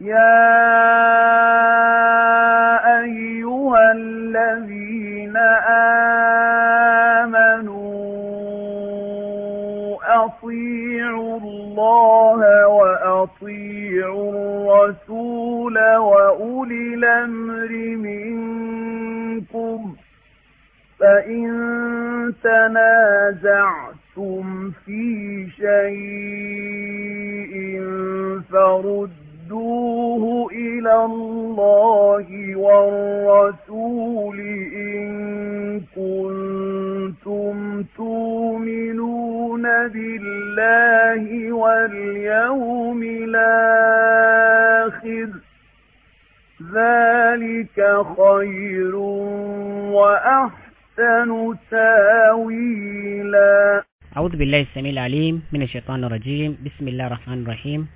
يا أيها الذين آمنوا أطيعوا الله وأطيعوا الرسول وأولي الأمر منكم فإن تنازعتم في شيء فرد اللَّهِ وَالرَّسُولِ إِن كُنتُمْ تُؤْمِنُونَ بِاللَّهِ وَالْيَوْمِ الْآخِرِ ذَلِكَ خَيْرٌ وَأَحْسَنُ تَأْوِيلًا أعوذ بالله السميع العليم من الشيطان الرجيم بسم الله الرحمن الرحيم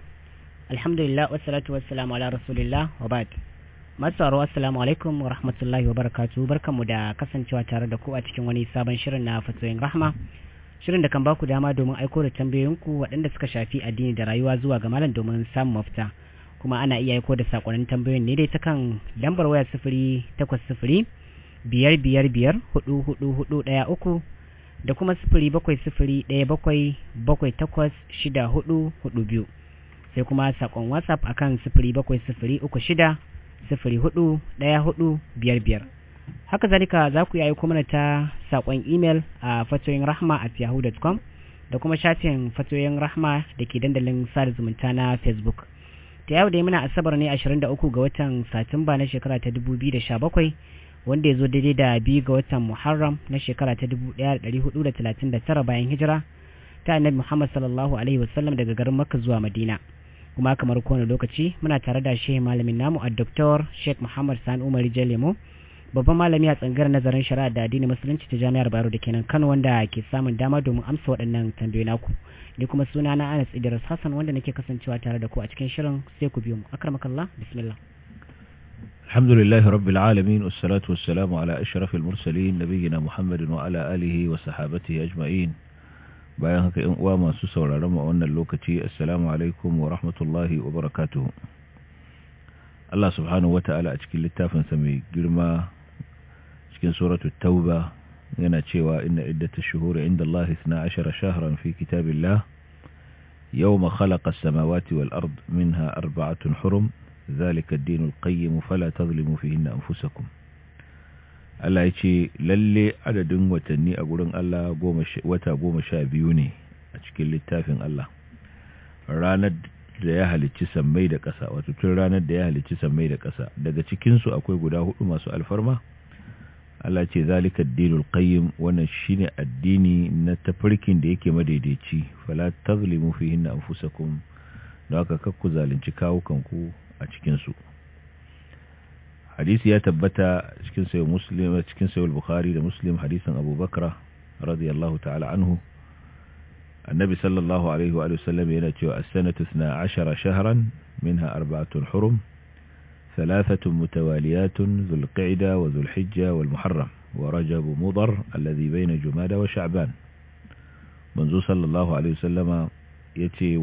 alhamdulillah wassalatu wassalamu ala rasulillah wa ba'd masaru assalamu alaikum wa rahmatullahi wa barakatuh da kasancewa tare da ku a cikin wani sabon shirin na fatoyin rahma shirin da kan ba ku dama domin aiko da tambayoyinku waɗanda suka shafi addini da rayuwa zuwa ga malam domin samun mafita kuma ana iya aiko da sakonnin tambayoyin ne dai ta kan lambar waya sifiri takwas sifiri biyar biyar biyar hudu hudu hudu ɗaya uku da kuma sifiri bakwai sifiri ɗaya bakwai bakwai takwas shida hudu hudu biyu sai kuma sakon whatsapp akan sifiri bakwai sifiri uku shida sifiri hudu ɗaya hudu haka zalika za ku yayi mana ta sakon email a fatoyin rahma at yahoo.com da kuma shafin fatoyin rahma da ke dandalin sada zumunta na facebook ta yau da muna asabar ne 23 ga watan satumba na shekara ta 2017 wanda ya zo daidai da biyu ga watan Muharram na shekara ta 1439 bayan hijira ta annabi Muhammad sallallahu alaihi wasallam daga garin Makka zuwa Madina. kuma kamar kowane lokaci muna tare da shi malamin namu a Dr. Sheikh Muhammad san Umar Jalemo babban malami a tsangar nazarin shari'a da addinin musulunci ta jami'ar Bayero da kenan Kano wanda ke samun dama domin amsa waɗannan tambayoyi naku ni kuma suna na Anas Idris Hassan wanda nake kasancewa tare da ku a cikin shirin sai ku biyo mu akramakallah bismillah الحمد لله رب العالمين والصلاة والسلام على أشرف المرسلين نبينا محمد وعلى آله وصحابته أجمعين bayan haka yan uwa masu sauraron mu a wannan lokaci assalamu alaikum wa rahmatullahi wa barakatuh Allah subhanahu wata'ala a cikin littafin sa mai girma cikin suratu tauba yana cewa inna iddata shuhuri inda Allah 12 shahran fi kitabillah yawma khalaqa as-samawati wal ard minha arba'atun hurum dhalika ad-dinul qayyim fala tadhlimu fihinna anfusakum Allah ya ce lalle adadin watanni a gurin Allah wata goma sha biyu ne a cikin littafin Allah ranar da ya halicci sammai da ƙasa wato tun ranar da ya halicci sammai da ƙasa daga cikinsu akwai guda hudu masu alfarma Allah ce zalika dinul qayyim wannan shine addini na tafarkin da yake madaidaici fala tazlimu fihinna anfusakum don haka kakku zalunci kawukanku a cikinsu hadisi ya tabbata cikin sayo muslim cikin sayo bukhari da muslim hadisin abubakar radiyallahu ta'ala anhu annabi sallallahu alaihi wa sallam yana cewa as-sanatu 12 shahran minha arba'atun hurum ثلاثة متواليات ذو القعدة وذو الحجة والمحرم ورجب مضر الذي بين جماد وشعبان منذ صلى الله عليه وسلم يتي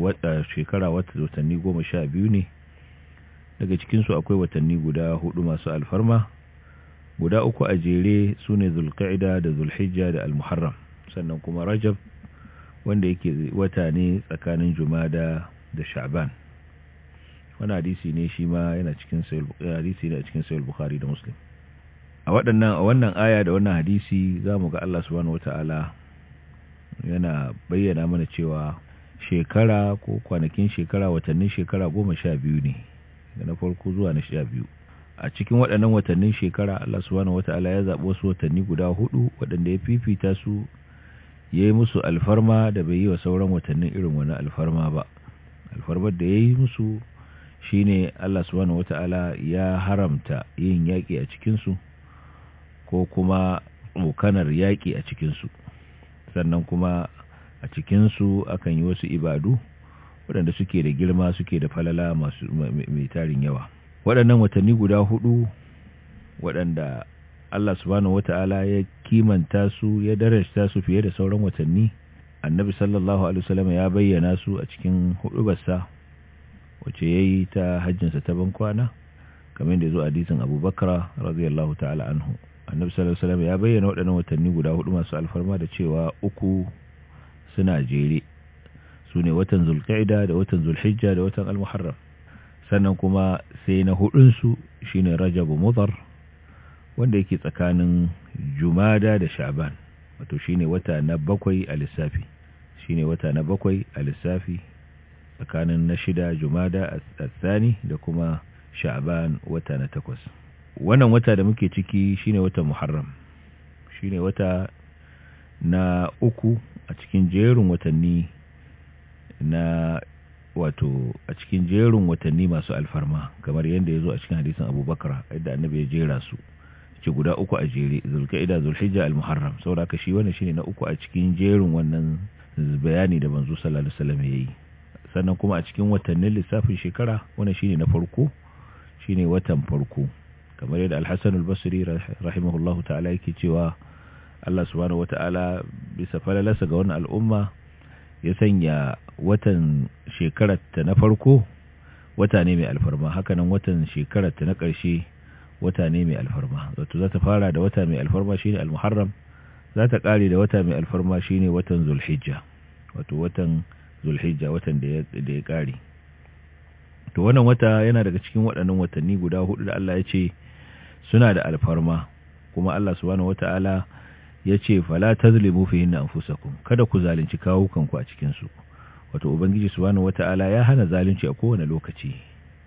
شكرا وتنيقوم شابيوني daga cikinsu akwai watanni guda hudu masu alfarma guda uku a jere su ne zulka'ida da zulhijja da almuharram sannan kuma rajab wanda yake wata ne tsakanin jumada da sha'ban wani hadisi ne shi ma yana cikin hadisi ne a cikin sayar bukhari da muslim a waɗannan a wannan aya da wannan hadisi za mu ga allah subhanahu wata'ala yana bayyana mana cewa shekara ko kwanakin shekara watannin shekara goma sha biyu ne da na farko zuwa na sha biyu a cikin waɗannan watannin shekara Allah subhanahu wata'ala ya zaɓi wasu watanni guda hudu waɗanda ya fifita su ya yi musu alfarma da bai yi wa sauran watannin irin wani alfarma ba alfarmar da ya yi musu shi ne Allah subhanahu wata'ala ya haramta yin yaƙi a cikinsu ko kuma mukanar yaƙi a cikinsu sannan kuma a cikinsu akan yi wasu ibadu waɗanda suke da girma suke da falala masu mai tarin yawa waɗannan watanni guda hudu waɗanda Allah subhanahu wata'ala ya kimanta su ya darasta su fiye da sauran watanni annabi sallallahu alaihi wasallam ya bayyana su a cikin hudubarsa wace yayi ta hajjinsa ta bankwana kamar da yazo hadisin abubakar radiyallahu ta'ala anhu annabi sallallahu alaihi wasallam ya bayyana waɗannan watanni guda hudu masu alfarma da cewa uku suna jere su ne watan zulkaida da watan zulhijja da watan almuharram sannan kuma sai na hudunsu shine rajabu mudhar wanda yake tsakanin jumada da sha'ban wato shine wata na bakwai a lissafi shine wata na bakwai a lissafi tsakanin na shida jumada tsani da kuma sha'ban wata na takwas wannan wata da muke ciki shine wata muharram shine wata na uku a cikin jerin watanni na wato a cikin jerin watanni masu alfarma kamar yadda ya zo a cikin hadisin abubakar yadda annabi ya jera su ce guda uku a jere ida zulhijja al-muharram saboda ka shi wannan shine na uku a cikin jerin wannan bayani da manzo sallallahu alaihi wasallam yayi sannan kuma a cikin watannin lissafin shekara wannan shine na farko shine watan farko kamar yadda al-hasan al-basri rahimahullahu ta'ala yake cewa Allah subhanahu wata'ala bisa falalasa ga wannan al'umma ya sanya watan shekararta na farko wata ne mai alfarma hakanan watan shekararta na ƙarshe wata ne mai alfarma zato za ta fara da wata mai alfarma shine al-muharram za ta ƙare da wata mai alfarma shine watan zulhijja wato watan zulhijja watan da ya ƙare to wannan wata yana daga cikin waɗannan watanni guda hudu da Allah ya ce suna da alfarma kuma Allah subhanahu wata'ala ya ce fala tazlimu fihinna kun kada ku zalunci ku a cikinsu wato ubangiji subhanahu wataala ya hana zalunci a kowane lokaci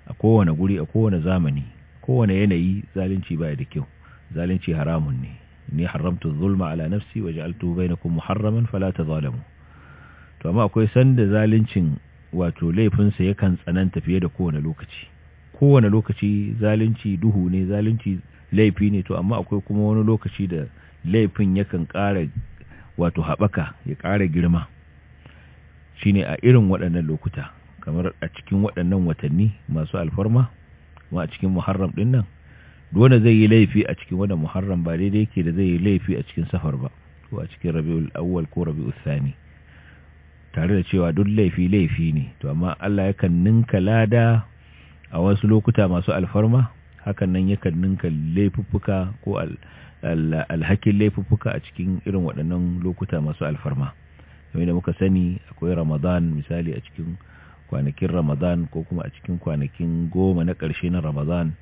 a kowane guri a kowane zamani kowane yanayi zalunci baya da kyau zalunci haramun ne ni haramtu zulma ala nafsi wa ja'altu bainakum muharraman fala tazalamu to amma akwai sanda zaluncin wato laifinsa yakan tsananta fiye da kowane lokaci kowane lokaci zalunci duhu ne zalunci laifi ne to amma akwai kuma wani lokaci da laifin yakan ƙara wato haɓaka ya ƙara girma shi ne a irin waɗannan lokuta kamar a cikin waɗannan watanni masu alfarma kuma a cikin muharram ɗin nan dole zai yi laifi a cikin wannan muharram ba daidai yake da zai yi laifi a cikin safar ba ko a cikin rabiul awwal ko rabiul thani tare da cewa duk laifi laifi ne to amma Allah yakan ninka lada a wasu lokuta masu alfarma hakan nan yakan ninka laifuffuka ko alhakin laifuffuka a cikin irin waɗannan lokuta masu alfarma kamar da muka sani akwai ramadan misali a cikin kwanakin ramadan ko kuma a cikin kwanakin goma na ƙarshe na ramadan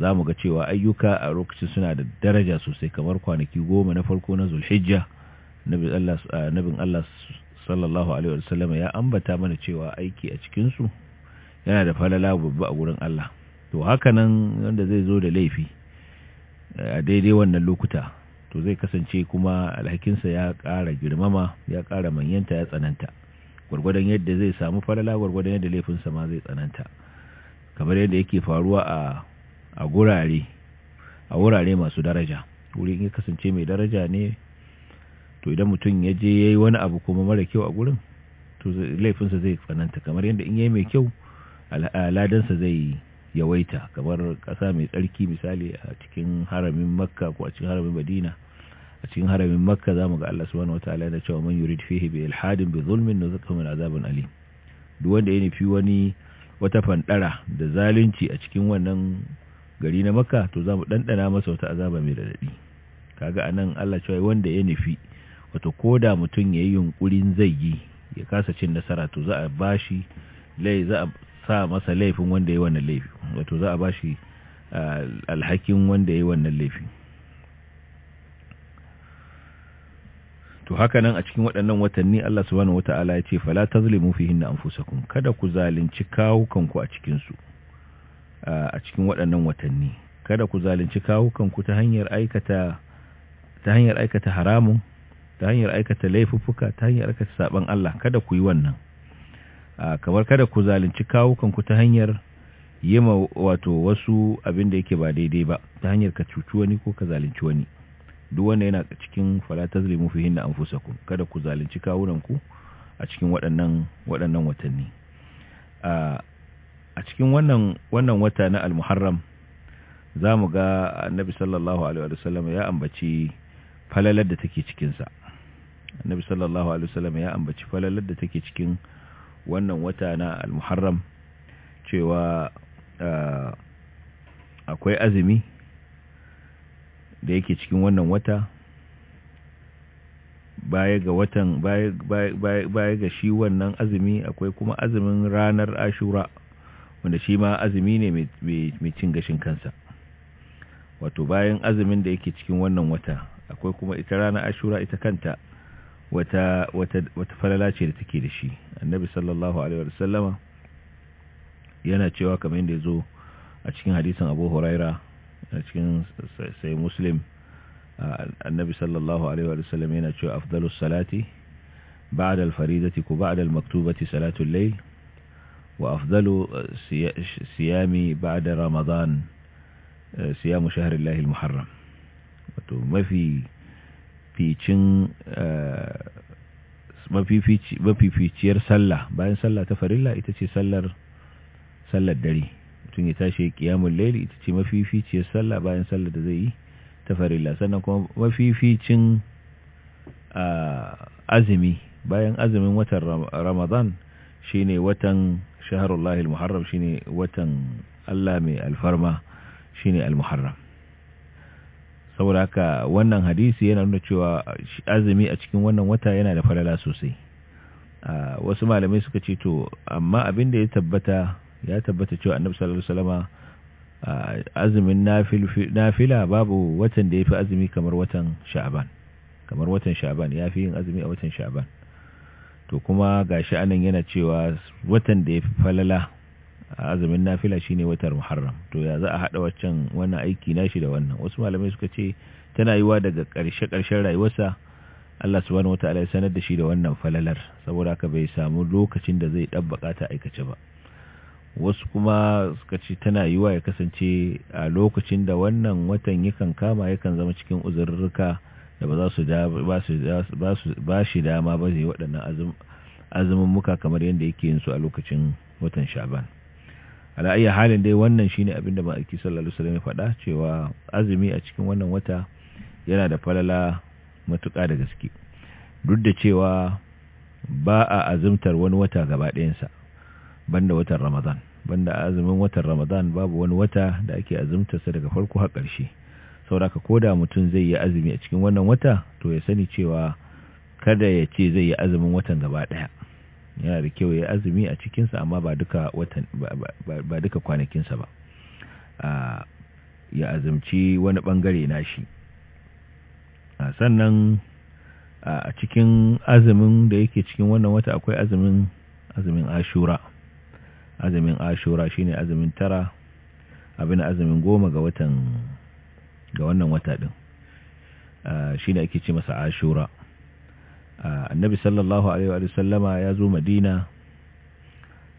za mu ga cewa ayyuka a lokacin suna da daraja sosai kamar kwanaki goma na farko na zulhijja nabin allah sallallahu alaihi wasallam ya ambata mana cewa aiki a cikinsu yana da falala babba a gurin allah to haka nan wanda zai zo da laifi a daidai wannan lokuta to zai kasance kuma alhakinsa ya kara girmama ya ƙara manyanta ya tsananta gwargwadon yadda zai samu falala gwargwadon yadda laifinsa ma zai tsananta kamar yadda yake faruwa a a gurare a wurare masu daraja wuri in ya kasance mai daraja ne to idan mutum ya je ya yi wani abu kuma mara kyau a gurin to laifinsa zai tsananta kamar yadda in yi mai kyau al'adansa zai yi. yawaita kamar kasa mai tsarki misali a cikin haramin makka ko a cikin haramin madina a cikin haramin makka za mu ga Allah subhanahu ta'ala yana cewa man yurid fihi bi ilhadin bi zulmin nuzqa min azabin alim duk wanda ya nufi wani wata fandara da zalunci a cikin wannan gari na makka to za mu dandana masa wata azaba mai radadi kaga anan Allah cewa wanda ya nufi wato da mutum yayi yunkurin zai yi ya kasa cin nasara to za a bashi lai za a sa masa laifin wanda ya wannan laifi wato za a bashi alhakin wanda ya wannan laifi to haka nan a cikin waɗannan watanni Allah subhanahu wata'ala ya ce fala tazlimu fihinna anfusakum kada ku zalunci kawukanku a cikin su a cikin waɗannan watanni kada ku zalunci kawukanku ta hanyar aikata ta hanyar aikata haramun ta hanyar aikata laifuffuka ta hanyar aikata saban Allah kada ku yi wannan kamar kada ku zalunci kawukanku ta hanyar yi ma wato wasu abin da yake ba daidai ba ta hanyar ka cuci wani ko ka zalunci wani duk wanda yana cikin fala hinna an na ku kada ku zalunci kawunanku a cikin waɗannan waɗannan watanni a cikin wannan wannan wata na al-muharram mu ga annabi sallallahu alaihi wa sallam ya ambaci falalar da take cikin sa annabi sallallahu alaihi wa sallam ya ambaci falalar da take cikin wannan wata na al-muharram cewa akwai azumi da yake cikin wannan wata baya ga watan baya ga shi wannan azumi akwai kuma azumin ranar ashura wanda shi ma azumi ne mai cin gashin kansa wato bayan azumin da yake cikin wannan wata akwai kuma ita ranar ashura ita kanta wata wata falala ce da take da shi annabi sallallahu alaihi wasallama yana cewa kamar yadda yazo a cikin hadisin Abu Huraira a cikin sai Muslim annabi sallallahu alaihi wasallam yana cewa afdalus salati ba'da al-faridati ku ba'da al-maktubati salatul layl wa afdalu siyami ba'da ramadan siyamu shahrillahi al-muharram wato mafi mafificin eh, mafificiyar sallah bayan sallah ta farilla ita ce sallar sallar dare tun ya tashi kiyamun laili ita ce mafificiyar sallah bayan sallar da zai yi ta farilla sannan kuma mafificin eh, azumi bayan azumin watan ramadan shine watan shaharullahil muharram shine watan Allah mai alfarma shine al-muharram saboda haka wannan hadisi yana nuna cewa azumi a cikin wannan wata yana da falala sosai wasu malamai suka ce to amma abin da ya tabbata ya tabbata cewa annabi sallallahu alaihi wasallam azumin nafila babu watan da yafi azumi kamar watan sha'ban kamar watan sha'ban yafi yin azumi a watan sha'ban to kuma gashi anan yana cewa watan da yafi falala azumin nafila shine watar muharram to ya za a hada waccan wannan aiki nashi da wannan wasu malamai suka ce tana yiwa daga karshe karshen rayuwarsa Allah subhanahu wataala ya sanar da shi da wannan falalar saboda haka bai samu lokacin da zai dabbaka ta aikace ba wasu kuma suka ce tana yiwa ya kasance a lokacin da wannan watan yakan kama yakan zama cikin uzurruka da ba za su ba shi dama ba zai waɗannan azumin muka kamar yadda yake yin su a lokacin watan shaban ala ayi halin dai wannan shine abin da ma'aiki sallallahu alaihi wasallam ya faɗa cewa azumi a cikin wannan wata yana da falala matuƙa da gaske duk da cewa ba a azumtar wani wata gaba ɗayansa banda watan Ramadan banda azumin watan Ramadan babu wani wata da ake azumtarsa daga farko har ƙarshe sauraka da mutum zai yi azumi a cikin wannan wata to ya sani cewa kada ya ce zai yi azumin watan gaba ɗaya yana da kyau ya azumi a cikinsa amma ba duka kwanakinsa ba ya azumci wani bangare shi. sannan a cikin azumin da yake cikin wannan wata akwai azumin azumin ashura azumin ashura shine azumin tara abin azumin goma ga wannan wata din ne ake ce masa ashura annabi sallallahu alaihi wa sallama ya zo madina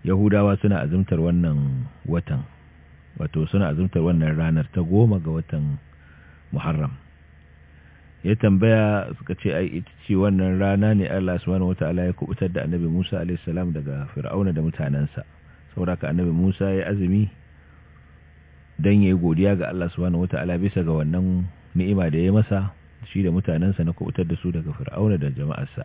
yahudawa suna azumtar wannan watan wato suna azumtar wannan ranar ta goma ga watan muharram ya tambaya suka ce ai ita ce wannan rana ne Allah subhanahu wataala ya kubutar da annabi Musa alaihi salam daga fir'auna da mutanansa saboda annabi Musa ya azumi dan yayi godiya ga Allah subhanahu wataala bisa ga wannan ni'ima da ya masa shi da mutanensa na kubutar da su daga fir'auna da jama'arsa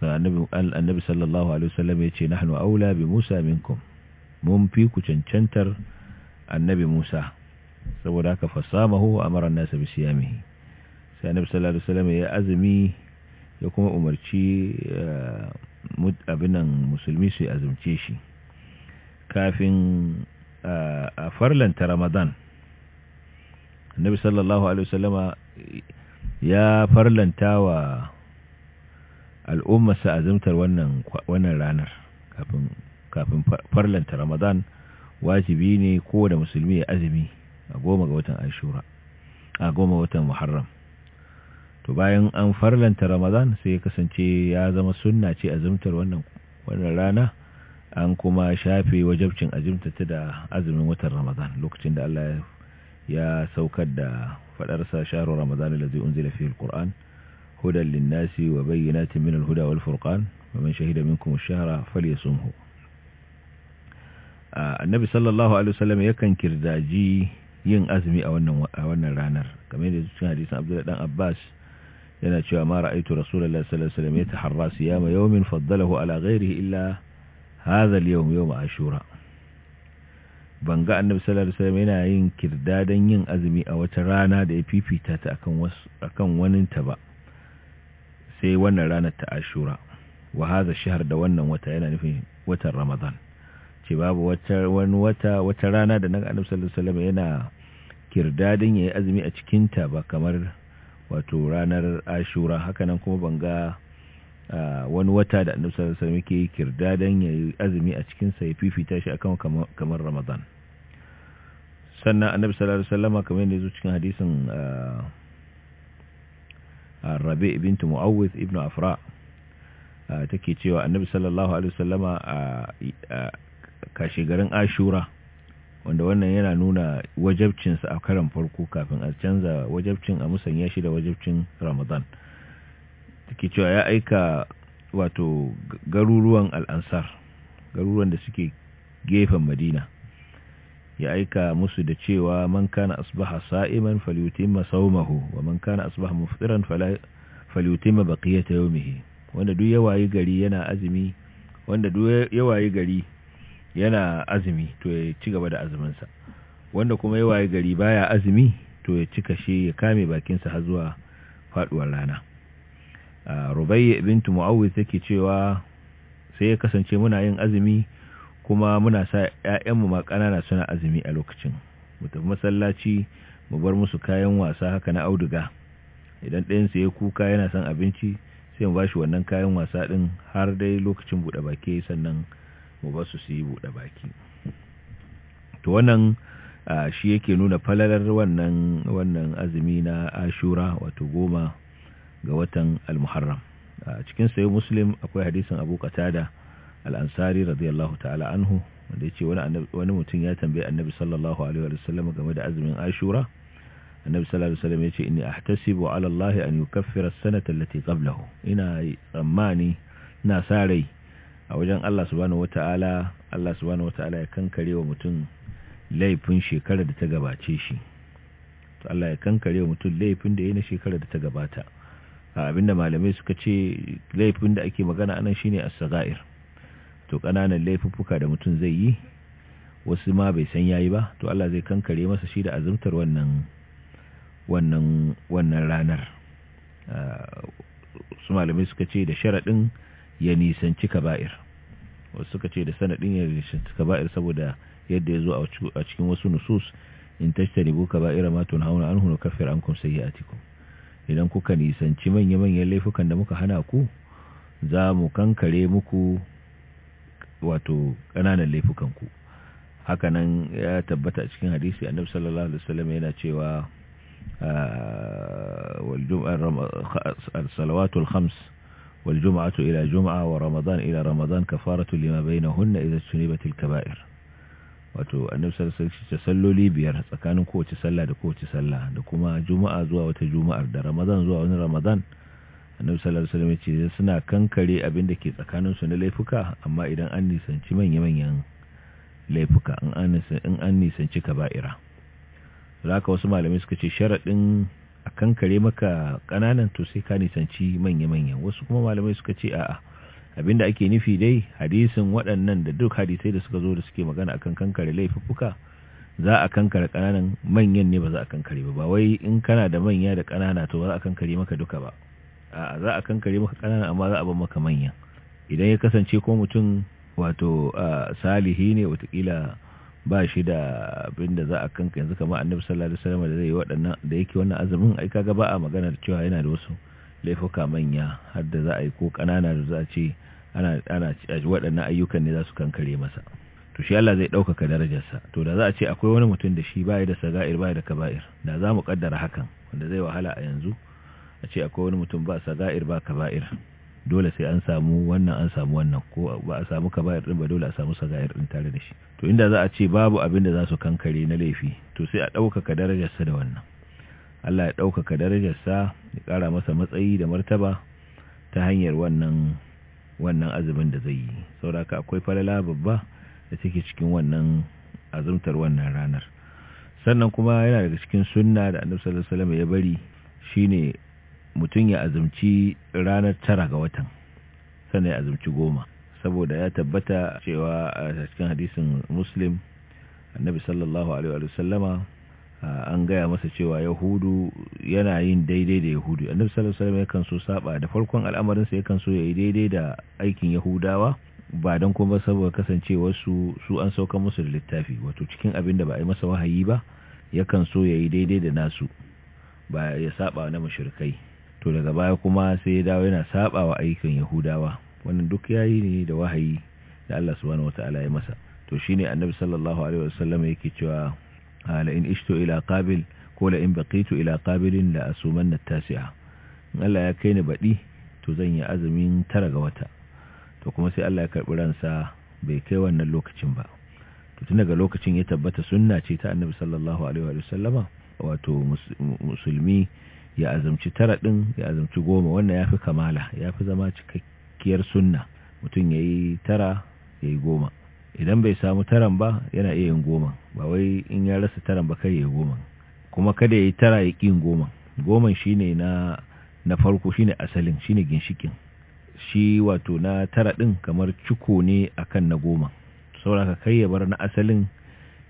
annabi sallallahu alaihi wasallam ya ce nahnu aula bi musa minkum mun fi ku cancantar annabi musa saboda haka fasamahu wa amara an-nas bi siyamihi sai annabi sallallahu alaihi wasallam ya azumi ya kuma umarci eh, abinan musulmi su azumce shi kafin eh, a farlanta ramadan annabi sallallahu alaihi wasallama ya farlanta wa al'ummarsa azumtar wannan wannan ranar kafin kafin farlanta Ramadan wajibi ne da musulmi ya azumi a goma ga watan Ashura a goma watan Muharram to bayan an farlanta Ramadan sai ya kasance ya zama sunna ce azumtar wannan wannan rana an kuma shafe wajabcin azumta ta da azumin watan Ramadan lokacin da Allah ya saukar da فالأرسى شهر رمضان الذي أنزل فيه القرآن هدى للناس وبينات من الهدى والفرقان ومن شهد منكم الشهر فليصمه آه، النبي صلى الله عليه وسلم يكن كرداجي ين أزمي او أولنا رانر كما يقول حديث عبد الله أباس ينأتي ما رأيت رسول الله صلى الله عليه وسلم يتحرى صيام يوم فضله على غيره إلا هذا اليوم يوم عشورا ban ga annabi sallallahu alaihi wasallam yana yin kirdadan yin azumi a wata rana da ya fifita ta akan wasu akan wani ta ba sai wannan ranar ta Ashura wa hadha shahr da wannan wata yana nufin watan Ramadan ce babu wata wani wata wata rana da naga annabi sallallahu alaihi wasallam yana kirdadan yayi azumi a cikin ta ba kamar wato ranar Ashura hakanan kuma ban ga wani wata da annabi sallallahu alaihi wasallam yake kirda dan yayi azumi a cikin sa ya fifita shi akan kamar Ramadan sannan annabi sallallahu alaihi wasallam kamar yadda yazo cikin hadisin Rabi bint Muawwidh ibn Afra take cewa annabi sallallahu alaihi wasallam a kashi garin Ashura wanda wannan yana nuna wajabcinsa a karan farko kafin a canza wajabcin a musanya shi da wajabcin Ramadan take cewa ya aika wato garuruwan al'ansar garuruwan da suke gefen madina ya aika musu da cewa man kana asbaha sa'iman falyutimma sawmahu wa man kana asbaha muftiran falyutimma baqiyata yawmihi wanda duk yawayi gari yana azumi wanda duk yawayi gari yana azumi to ya ci gaba da azumin wanda kuma yawayi gari baya azumi to ya cika shi ya kame bakinsa sa har zuwa faduwar rana rubai bintu mu'awwiz take cewa sai ya kasance muna yin azumi kuma muna sa ƴaƴanmu ma ƙanana suna azumi a lokacin mu tafi masallaci mu bar musu kayan wasa haka na auduga idan ɗayan sai ya kuka yana son abinci sai mu bashi wannan kayan wasa ɗin har dai lokacin buɗe baki sannan mu ba su su yi buɗe baki to wannan shi yake nuna falalar wannan wannan azumi na ashura wato goma ga watan al-muharram a cikin sayo muslim akwai hadisin abu qatada al-ansari radiyallahu ta'ala anhu wanda yace wani mutum ya tambaye annabi sallallahu alaihi wa sallam game da azumin ashura annabi sallallahu alaihi wa sallam yace inni ahtasibu ala allahi an yukaffira as-sanata allati qablahu ina tsammani ina sa a wajen Allah subhanahu wata'ala Allah subhanahu wata'ala ya kankare wa mutum laifin shekarar da ta gabace shi to Allah ya kankare mutum laifin da yayin shekarar da ta gabata abinda malamai suka ce laifin da ake magana anan shine as-sagair to kananan laifuffuka da mutum zai yi wasu ma bai san yayi ba to Allah zai kankare masa shi da azumtar wannan wannan wannan ranar su malamai suka ce da sharadin ya nisanci kaba'ir wasu suka ce da sanadin ya nisanci kaba'ir saboda yadda ya zo a cikin wasu nusus in tashtaribu kaba'ira ma hauna tunhauna anhu nukaffir ankum sayyi'atikum idan kuka nisanci manya-manyan laifukan da muka hana ku za mu kankare muku wato ƙananan laifukanku hakanan ya tabbata a cikin hadisi annabi sallallahu alaihi wasallam yana cewa wal jum'a al salawatu khams الصلوات الخمس والجمعة إلى جمعة ورمضان إلى رمضان كفارة لما بينهن إذا اجتنبت kaba'ir wato annabi sallallahu alaihi wasallam salloli biyar tsakanin kowace sallah da kowace sallah da kuma juma'a zuwa wata juma'ar da ramadan zuwa wani ramadan annabi sallallahu alaihi wasallam ya ce suna kankare abin da ke tsakanin su na laifuka amma idan an nisanci manya-manyan laifuka in an in an nisanci kaba'ira ka wasu malamai suka ce sharadin a kankare maka ƙananan to sai ka nisanci manya-manyan wasu kuma malamai suka ce a'a abinda ake nufi dai hadisin waɗannan da duk hadisai da suka zo da suke magana akan kankare laifuffuka za a kankare kananan manyan ne ba za a kankare ba ba wai in kana da manya da kanana to ba za a kankare maka duka ba a za a kankare maka kanana amma za a bar maka manyan idan ya kasance ko mutum wato salihi ne watakila ba shi da abin da za a kanka yanzu kamar annabi sallallahu alaihi wasallam da zai yi waɗannan da yake wannan azumin ai kaga ba a magana da cewa yana da wasu laifuka manya har da za a yi ko ƙanana da za a ce ana waɗannan ayyukan ne za su kankare masa to shi Allah zai ɗaukaka darajarsa to da za a ce akwai wani mutum da shi bai da saga'ir bai da kaba'ir da za mu ƙaddara hakan wanda zai wahala a yanzu a ce akwai wani mutum ba saga'ir ba kaba'ir dole sai an samu wannan an samu wannan ko ba a samu kaba'ir din ba dole a samu saga'ir din tare da shi to inda za a ce babu abin da za su kankare na laifi to sai a ɗaukaka darajarsa da wannan Allah ya ɗaukaka darajarsa ya ƙara masa matsayi da martaba ta hanyar wannan wannan azumin da zai yi sauraka akwai falala babba da take cikin wannan azumtar wannan ranar sannan kuma yana daga cikin sunna da annabi sallallahu alaihi wasallam ya bari shine mutum ya azumci ranar tara ga watan sannan ya azumci goma saboda ya tabbata cewa a cikin hadisin muslim annabi sallallahu alaihi wasallama an gaya masa cewa yahudu yana yin daidai da yahudu annabi sallallahu alaihi yakan so saba da farkon al'amarin sa yakan so yayi daidai da aikin yahudawa ba don kuma saboda kasancewar su su an sauka musu da littafi wato cikin abin da ba a yi masa wahayi ba yakan so yayi daidai da nasu ba ya saba na mushrikai to daga baya kuma sai ya dawo yana saba wa aikin yahudawa wannan duk yayi ne da wahayi da Allah subhanahu wataala ya masa to shine annabi sallallahu alaihi wasallam yake cewa in ishto ila qabil ko in baqitu ila qabilin la asumanna tasi'a in Allah ya kai badi to zan yi azumin tara ga wata to kuma sai Allah ya karɓi ransa bai kai wannan lokacin ba to tun daga lokacin ya tabbata sunna ce ta annabi sallallahu alaihi wa sallama wato musulmi ya azumci tara din ya azumci goma wannan yafi kamala ya fi zama cikakkiyar sunna mutum yayi tara yayi goma idan bai samu taran ba yana iya yin goma ba wai in ya rasa taran ba kai ya goma kuma kada ya yi tara ya ƙin goma goma shi na na farko shi ne asalin shi ne ginshikin shi wato na tara din kamar ciko ne akan na goma ka kai ya bar na asalin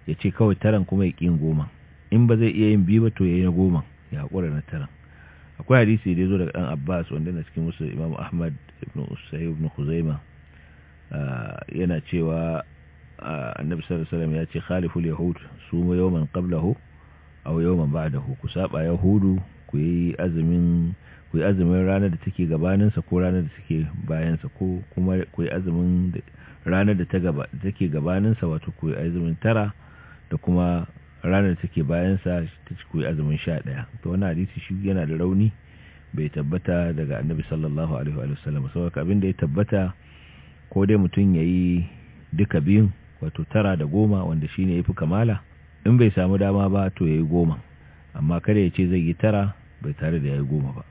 ya ce kawai taran kuma ya ƙin goma in ba zai iya yin biyu ba to ya yi na goma ya haƙura na taran akwai hadisi da ya zo daga ɗan abbas wanda na cikin musu imam ahmad ibn usayi ibn huzaima ah, yana cewa annabi sallallahu alaihi wasallam ya ce khaliful yahud sumu yawman qablahu aw yawman ba'dahu ku saba yahudu ku yi azumin ku yi azumin ranar da take gabanin sa ko ranar da take bayan sa ko kuma ku yi azumin ranar da ta gaba take gabanin sa wato ku yi azumin tara da kuma ranar da take bayan sa ta ku yi azumin 11 to wannan hadisi shi yana da rauni bai tabbata daga annabi sallallahu alaihi wa sallam saboda abin da ya tabbata ko dai mutum yayi duka biyun wato tara da goma wanda shine fi kamala in bai samu dama ba to ya yi goma amma kada ya ce zai yi tara bai tare da ya yi goma ba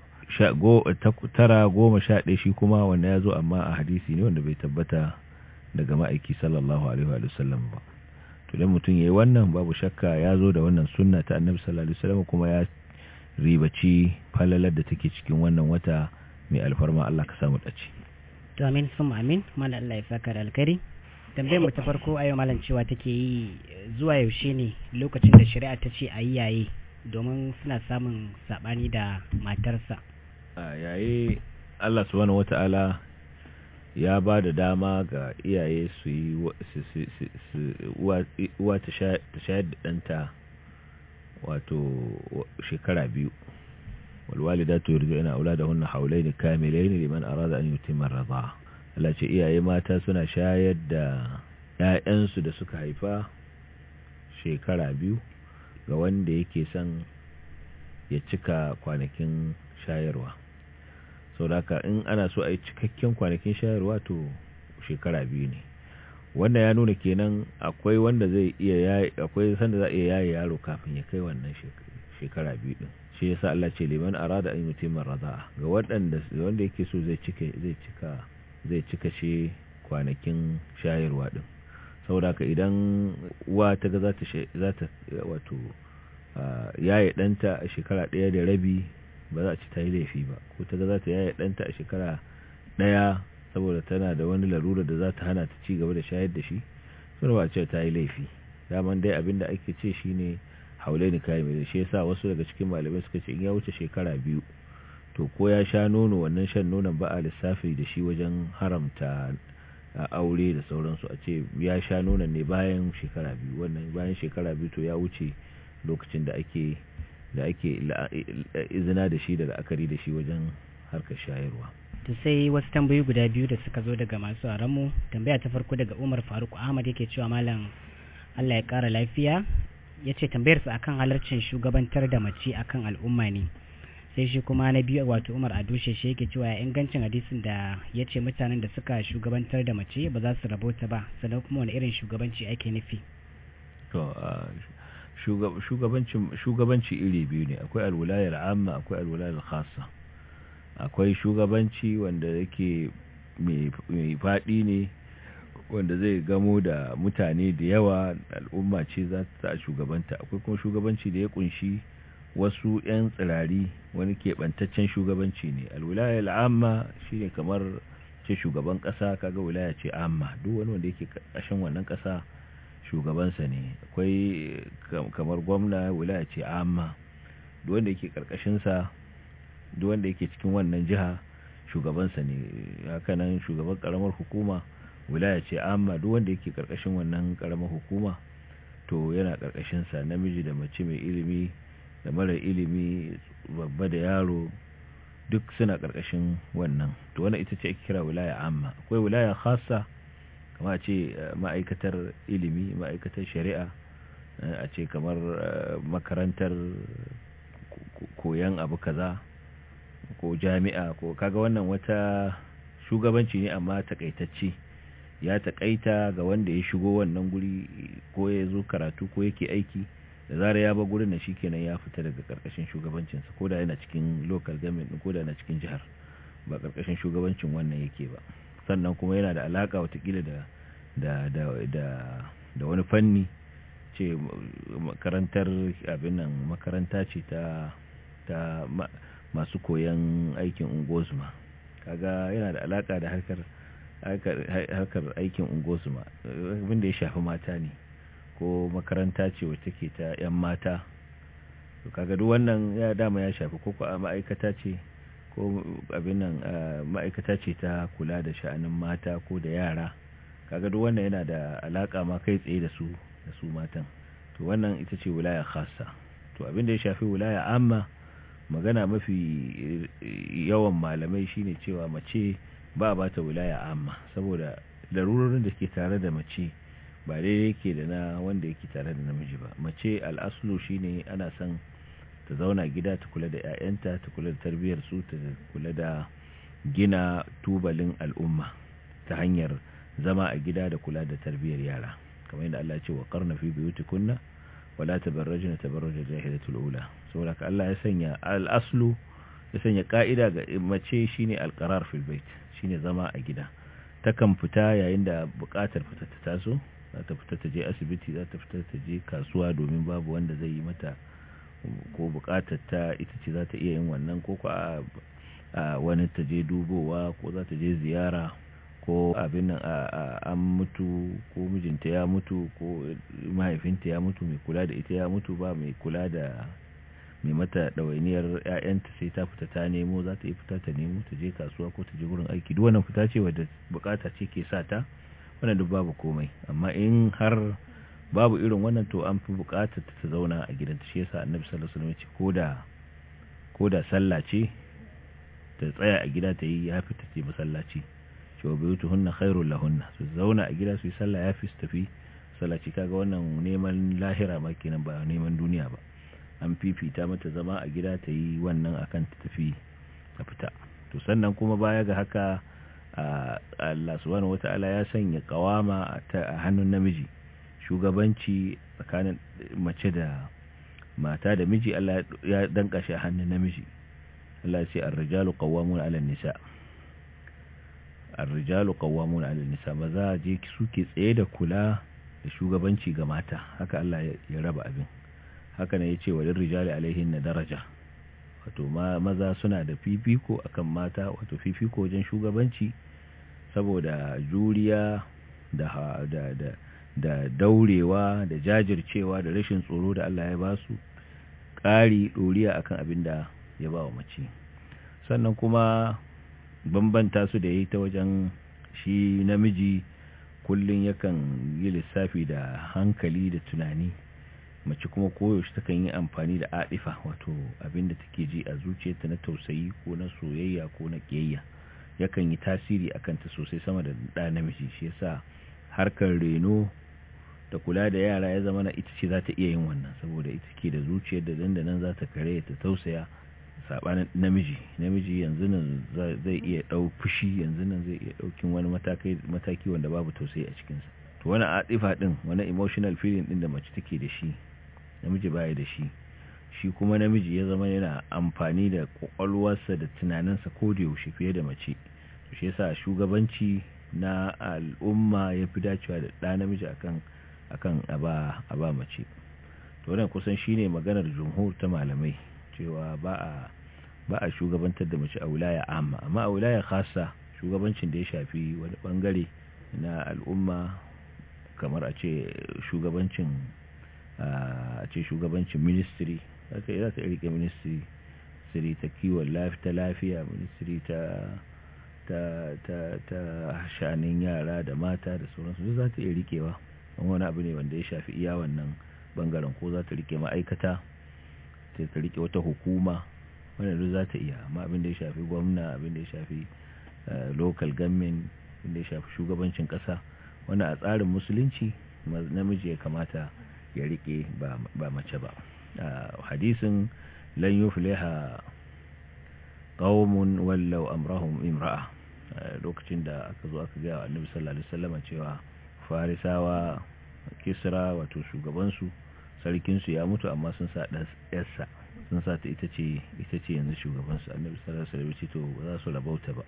tara goma sha ɗaya shi kuma wanda ya zo amma a hadisi ne wanda bai tabbata daga ma'aiki sallallahu alaihi wa sallam ba to dan mutum ya yi wannan babu shakka ya zo da wannan sunna ta annabi sallallahu alaihi sallam kuma ya ribaci falalar da take cikin wannan wata mai alfarma Allah ka samu dace to amin sun amin mala Allah ya fakar alkari tambayar mu ta farko a yau malam cewa take yi zuwa yaushe ne lokacin da shari'a ta ce a yi yaye domin suna samun sabani da matarsa yaye Allah subhanahu wata'ala ya ba da dama ga iyaye su yi uwa ta shayar da ɗanta wato shekara biyu walwalidatu haulai auladahunna kamilai ne liman arada an yutimma mutumin Allah ce iyaye mata suna shayar da ‘ya'yansu da suka haifa shekara biyu ga wanda yake son ya cika kwanakin shayarwa sau da in ana so a yi cikakken kwanakin shayarwa to shekara biyu ne wannan ya nuna kenan akwai wanda zai iya akwai sanda za a iya yaye yaro kafin ya kai wannan shekara biyu din shi yasa Allah ce liman arada an mutumin razaa ga wanda wanda yake so zai cika zai cika shi kwanakin shayarwa din saboda haka idan uwa ta ga za ta za ta wato yaye danta a shekara ɗaya da rabi ba za ci ta laifi ba ko ta ga za ta yaye danta a shekara daya saboda tana da wani larura da za ta hana ta ci gaba da shayar da shi sun ba ce ta yi laifi daman dai abin da ake ce shine haule ni kai mai shi yasa wasu daga cikin malamai suka ce in ya wuce shekara biyu to ko ya sha nono wannan shan nonon ba a lissafi da shi wajen haramta a aure da sauransu a ce ya sha nonon ne bayan shekara biyu wannan bayan shekara biyu to ya wuce lokacin da ake da ake izina da shi da la'akari da shi wajen harkar shayarwa to sai wasu tambayoyi guda biyu da suka zo daga masu mu tambaya ta farko daga umar faruk ahmad yake cewa malam allah ya kara lafiya ya ce tambayarsa akan halarcin shugabantar da mace akan al'umma ne sai shi kuma na biyu wato umar adushe shi yake cewa ya ingancin hadisin da ya ce mutanen da suka shugabantar da mace ba za su rabota ba sannan kuma wani irin shugabanci ake nufi shugabanci iri biyu ne akwai alwulayar amma akwai alwulayar khasa akwai shugabanci wanda yake mai faɗi ne wanda zai gamo da mutane da yawa al'umma ce za ta shugabanta akwai kuma shugabanci da ya kunshi wasu 'yan tsirari wani keɓantaccen shugabanci ne alwilaya al'amma shi ne kamar ce shugaban ƙasa kaga wilaya ce amma duk wani wanda yake ƙashin wannan ƙasa shugabansa ne akwai kamar gwamna wilaya ce amma duk wanda yake ƙarƙashinsa duk wanda yake cikin wannan jiha shugabansa ne nan shugaban ƙaramar hukuma wilaya ce amma duk wanda yake ƙarƙashin wannan ƙaramar hukuma to yana ƙarƙashinsa namiji da mace mai ilimi da mara ilimi babba da yaro duk suna karkashin wannan to wannan ita ce ake kira wilaya amma akwai wilaya khassa kama ce eh, ma'aikatar ilimi ma'aikatar shari'a eh, a ce kamar eh, makarantar koyan abu kaza ko jami'a ko kaga wannan wata shugabanci ne amma takaitacce ya takaita ga wanda ya shigo wannan guri ko ya zo karatu ko yake aiki da zara ya bar gurin da shikenan ya fita daga karkashin shugabancin sa koda yana cikin local government din koda yana cikin jihar ba karkashin shugabancin wannan yake ba sannan kuma yana da alaka watakila da da da da da wani fanni ce makarantar abin nan makaranta ce ta ta masu koyan aikin ungozuma kaga yana da alaka da harkar harkar aikin ungozuma abin da ya shafi mata ne ko makaranta ce wacce take ta 'yan mata to kaga duk wannan ya dama ya shafi koko a ma'aikata ce ko abin nan ma'aikata ce ta kula da sha'anin mata ko da yara kaga duk wannan yana da alaka ma kai tsaye da su da su matan to wannan ita ce wilaya khassa to abin da ya shafi wilaya amma magana mafi yawan malamai shine cewa mace ba ba ta wilaya amma saboda larurorin da ke tare da mace ba daidai yake da na wanda yake tare da namiji ba mace al'aslu shine ana son ta zauna gida ta kula da 'ya'yanta ta kula da tarbiyyar su ta kula da gina tubalin al'umma ta hanyar zama a gida da kula da tarbiyyar yara kamar yadda Allah ya ce wa qarna fi buyutikunna wala tabarrajna tabarruj jahilatul ula saboda ka Allah ya sanya al'aslu ya sanya ka'ida ga mace shine alqarar fil bait shine zama a gida takan fita yayin da buƙatar fita ta taso za ta fita ta je asibiti za ta fita ta je kasuwa domin babu wanda zai yi mata ko bukatar ta ita ce za ta iya yin wannan ko ko a wani ta je dubowa ko za ta je ziyara ko abin nan an mutu ko mijinta ya mutu ko mahaifinta ya mutu mai kula da ita ya mutu ba mai kula da mai mata ɗawainiyar 'ya'yanta sai ta fita ta nemo za ta yi fita ta nemo ta je kasuwa ko ta je wurin aiki duk wannan fita ce wadda bukata ce ke sa ta wannan duk babu komai amma in har babu irin wannan to an fi bukatar ta ta zauna a gidan ta shi yasa annabi sallallahu alaihi wasallam ya ce koda koda sallah ce ta tsaya a gida ta yi ya fi ta ce masallaci shi wa biyutu hunna khairu lahunna su zauna a gida su yi sallah ya fi su tafi masallaci kaga wannan neman lahira ma kenan ba neman duniya ba an fifita mata zama a gida ta yi wannan akan ta tafi ta fita to sannan kuma baya ga haka Allah subhanahu wata'ala ya sanya kawama a hannun namiji shugabanci tsakanin mace da mata da miji Allah ya danka shi a hannun namiji Allah ya ce ar-rijalu qawwamuna 'ala an-nisa ar-rijalu qawwamuna 'ala an-nisa maza je suke tsaye da kula da shugabanci ga mata haka Allah ya raba abin haka ne yace wa lir-rijali 'alayhin daraja wato maza suna da fifiko akan mata wato fifiko wajen shugabanci saboda juriya da da da da daurewa da jajircewa da rashin tsoro da Allah ya basu ƙari doriya akan abin da ya ba wa mace sannan kuma bambanta su da yayi ta wajen shi namiji kullum yakan yi lissafi da hankali da tunani mace kuma koyaushe takan yi amfani da adifa wato abin da take ji a zuciyarta na tausayi ko na soyayya ko na kiyayya yakan yi tasiri a kanta sosai sama da ɗa namiji shi yasa harkar reno da kula da yara ya zama na ita ce za ta iya yin wannan saboda ita ke da zuciyar da dandanan za ta kare ta tausaya sabanin namiji namiji yanzu nan zai iya dau fushi yanzu nan zai iya ɗaukin wani mataki wanda babu tausayi a cikinsa to wani atifa din wani emotional feeling din da mace take da shi namiji baya da shi shi kuma namiji ya zama yana amfani da kwakwalwarsa da tunaninsa ko da yaushe fiye da mace to shi yasa shugabanci na al'umma ya fi dacewa da ɗa namiji akan akan a ba mace to wannan kusan shine maganar jumhur ta malamai cewa ba a shugabantar da mace a wilaya amma amma a wilaya khasa shugabancin da ya shafi wani bangare na al'umma kamar a ce shugabancin a ce shugabancin ministry zaka iya ka rike ministry ta kiwon lafiya ta lafiya ministry ta ta ta ta shanin yara da mata da sauransu duk za ta iya rikewa wani abu ne wanda ya shafi iya wannan bangaren ko za ta rike ma'aikata ta rike wata hukuma wanda duk za ta iya amma abin da ya shafi gwamna abin da ya shafi local government abin da ya shafi shugabancin ƙasa wani a tsarin musulunci namiji ya kamata ya rike ba mace ba hadisin lan yufliha qaumun wallau amrahum imra'a lokacin da aka zo aka ga annabi sallallahu alaihi wasallam cewa farisawa kisra wato shugaban su sarkin su ya mutu amma sun sa dan yarsa sun sa ta ita ce ita ce yanzu shugaban su annabi sallallahu alaihi wasallam ce to ba za su rabauta ba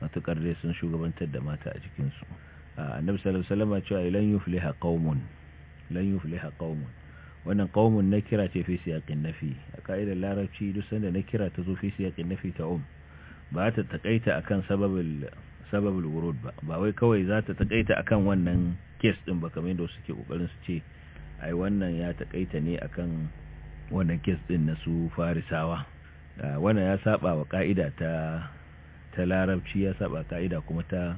matukar dai sun shugabantar da mata a cikin su annabi sallallahu alaihi wasallam cewa lan yufliha qaumun lan yufliha qaumun wannan qaumun na kira ce fi siyaqin nafi a ka'idar larabci duk sanda na kira ta zo fi siyaqin nafi ta um ba ta takaita akan sababul sababul wurud ba ba wai kawai za ta takaita akan wannan kes din ba kamar yadda suke kokarin su ce ai wannan ya takaita ne akan wannan kes din na su farisawa wannan ya saba wa ka'ida ta ta larabci ya saba ka'ida kuma ta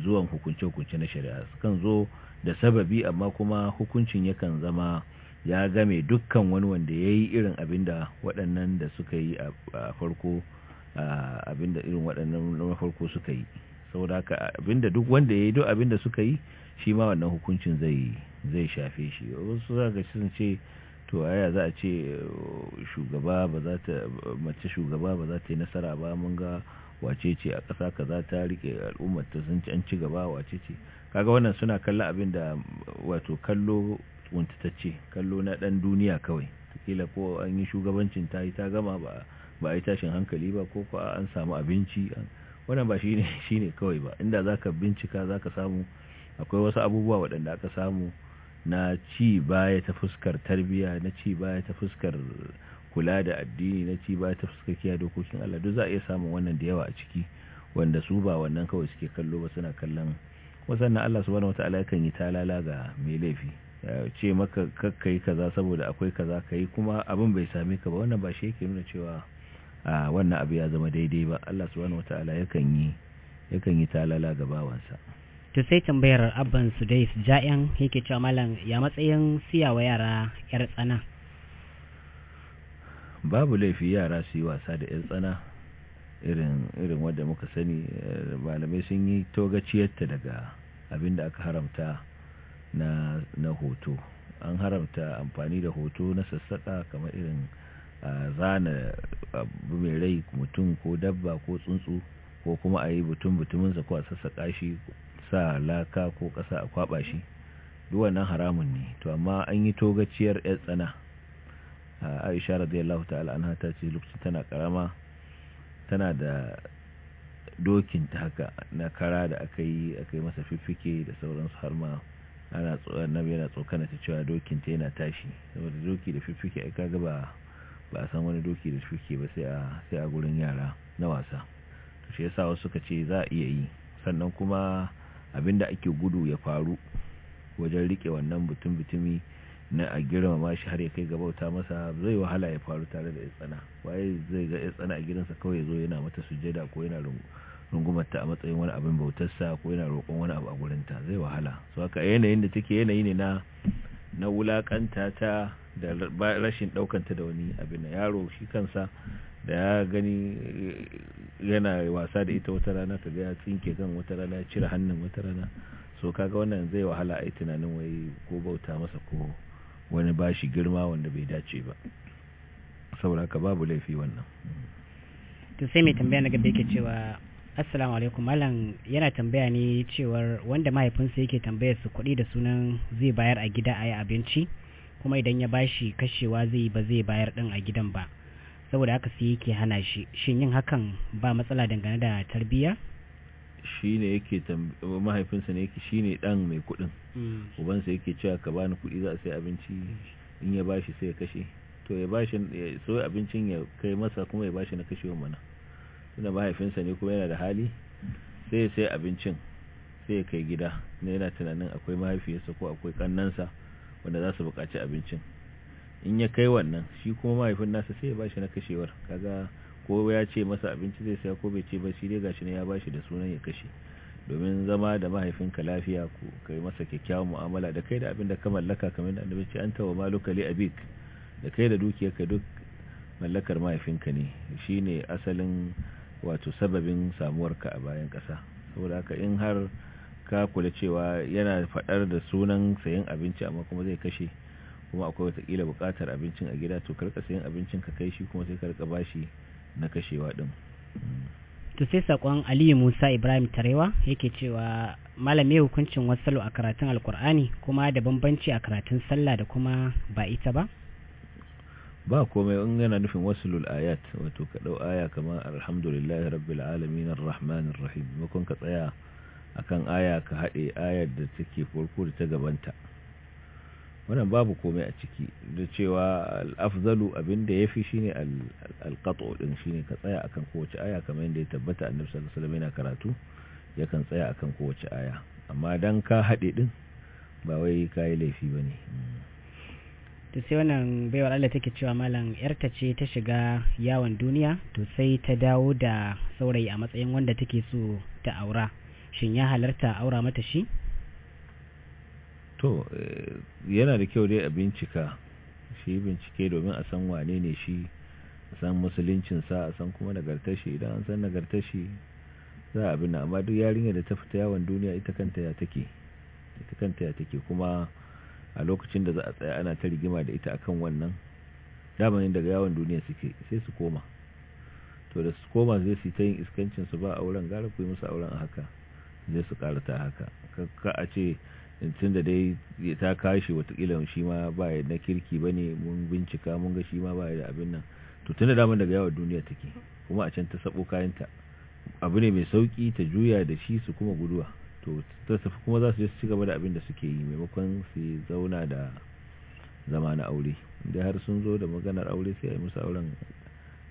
zuwan hukunce-hukunce na shari'a kan zo da sababi amma kuma hukuncin yakan zama ya game dukkan wani wanda ya yi irin abin da waɗannan da suka yi a farko abin irin waɗannan na farko suka yi saboda haka abin da duk wanda ya yi duk abin da suka yi shi ma wannan hukuncin zai shafe shi wasu zaga sun ce to aya za a ce shugaba ba za ta mace shugaba ba za ta yi nasara ba mun ga wace ce a ƙasa za ta riƙe al'ummar ta sun ci an ci gaba wace ce kaga wannan suna kalla abin da wato kallo wuntatacce kallo na dan duniya kawai kila ko an yi shugabancin ta yi ta gama ba ba yi tashin hankali ba ko ko an samu abinci wannan ba shine shine kawai ba inda zaka bincika zaka samu akwai wasu abubuwa waɗanda aka samu na ci baya ta fuskar tarbiya na ci baya ta fuskar kula da addini na ci baya ta fuskar kiyaye dokokin Allah duk za a iya samu wannan da yawa a ciki wanda su ba wannan kawai suke kallo ba suna kallon wasannan Allah subhanahu wataala yakan yi talala ga mai laifi ce maka kakkai kaza saboda akwai kaza kai kuma abin bai same ka ba wannan ba shi yake nuna cewa wannan abu ya zama daidai ba Allah subhanahu wataala yakan yi yakan yi talala ga bawansa to sai tambayar abban su su ja'yan yake cewa malam ya matsayin siya wa yara yar tsana babu laifi yara su yi wasa da yan tsana irin irin wanda muka sani eh, malamai sun yi togaciyarta daga abin da aka haramta na na hoto an haramta amfani da hoto na sassaƙa kamar irin zana abu mai rai mutum ko dabba ko tsuntsu ko kuma a yi butun butuminsa ko a sassaƙa shi sa laka ko ƙasa a kwaɓa shi duwa nan haramun ne to amma an yi togaciyar 'yan tsana a aisha radiyallahu ta'ala an ta ce lokacin tana karama tana da dokin ta haka na kara da aka yi aka yi masa fiffike da sauransu har ma ana yana tsokana ta cewa dokin ta yana tashi saboda doki da fiffike ai kaga ba ba a san wani doki da fiffike ba sai a sai a gurin yara na wasa to shi yasa wasu suka ce za a iya yi sannan kuma abinda ake gudu ya faru wajen rike wannan butun-butumi na a girmama shi har ya kai ga bauta masa zai wahala ya faru tare da tsana waye zai ga tsana a gidansa kawai zo yana mata sujjada ko yana rungumar a matsayin wani abin bautarsa ko yana roƙon wani abu a gurin ta zai wahala so haka yanayin da take yanayi ne na na wulakanta ta da rashin ta da wani abin na yaro shi kansa da ya gani yana wasa da ita wata rana ka ga ya tsinke kan wata rana ya cire hannun wata rana so kaga wannan zai wahala a yi tunanin wai ko bauta masa ko wani bashi girma wanda bai dace ba saboda haka babu laifi wannan to sai mai tambaya na gaba yake cewa assalamu alaikum malam yana tambaya ne cewar wanda mahaifinsa yake tambaya su kuɗi da sunan zai bayar a gida a yi abinci kuma idan ya bashi kashewa zai yi ba zai bayar ɗin a gidan ba saboda haka sai yake hana shi shin yin hakan ba matsala dangane da tarbiyya shi ne yake mahaifinsa ne yake shi ne ɗan mai kuɗin mm. ubansa yake cewa ka bani kuɗi za a sai abinci in ya bashi sai ya kashe to ya bashi so abincin ya kai masa kuma ya bashi na kashe mana tunda mahaifinsa ne kuma yana da hali sai ya sai abincin sai ya kai gida na yana tunanin akwai mahaifiyarsa ko akwai kannansa wanda za su buƙaci abincin in ya kai wannan shi kuma mahaifin nasa sai ya bashi na kashewar kaga ko ya ce masa abinci zai saya ko bai ce ba shi dai gashi ne ya bashi da sunan ya kashe domin zama da mahaifinka lafiya ku kai masa kyakkyawan mu'amala da kai da abin da ka mallaka kamar da annabi ce anta wa maluka li abik da kai da ka duk mallakar mahaifinka ne shine asalin wato sababin samuwar ka a bayan kasa saboda haka in har ka kula cewa yana faɗar da sunan sayan abinci amma kuma zai kashe kuma akwai watakila bukatar abincin a gida to karka sayan abincin ka kai shi kuma sai karka bashi na kashewa din to sai sakon aliyu musa ibrahim tarewa yake cewa malamai hukuncin wasalu a karatun alkur'ani kuma da bambanci a karatun sallah da kuma ba ita ba ba komai in yana nufin wasu ayat wato ka ɗau aya kamar alhamdulillahi rabbil alamin arrahmanir rahim makon ka tsaya akan aya ka haɗe ayar da take farko da ta gabanta wannan babu komai a ciki da cewa al'afzalu abin da ya fi shi ne alƙato ɗin shi ne ka tsaya akan kowace aya kamar yadda ya tabbata annabi sallallahu alaihi wasallam yana karatu kan tsaya akan kowace aya amma dan ka haɗe ɗin ba wai ka yi laifi ba ne to sai wannan baiwar Allah take cewa malam yarta ce ta shiga yawon duniya to sai ta dawo da saurayi a matsayin wanda take so ta aura shin ya halarta aura mata shi to eh, yana da kyau dai a bincika shi bincike domin a san wane ne shi a san musuluncinsa a san kuma nagartashi idan an san nagartashi za a abin amma duk yarinyar da ta fita yawon duniya ita kanta ya take ita kanta ya take kuma a lokacin da za a tsaya ana ta rigima da ita akan wannan damanin daga yawon duniya suke sai su koma to da su koma zai su ta yin iskancin su ba auren gara ku yi musu auren a haka zai su karata haka ka a ce tun da dai ta kashe watakila shi ma ba ya na kirki ba ne mun bincika mun ga shi ma ba ya da abin nan to tun da damar daga yawon duniya take kuma a can ta sabo kayanta abu ne mai sauki ta juya da shi su kuma guduwa to ta tafi kuma za su je su ci gaba da abin da suke yi maimakon su zauna da zama na aure da har sun zo da maganar aure sai a yi musu auren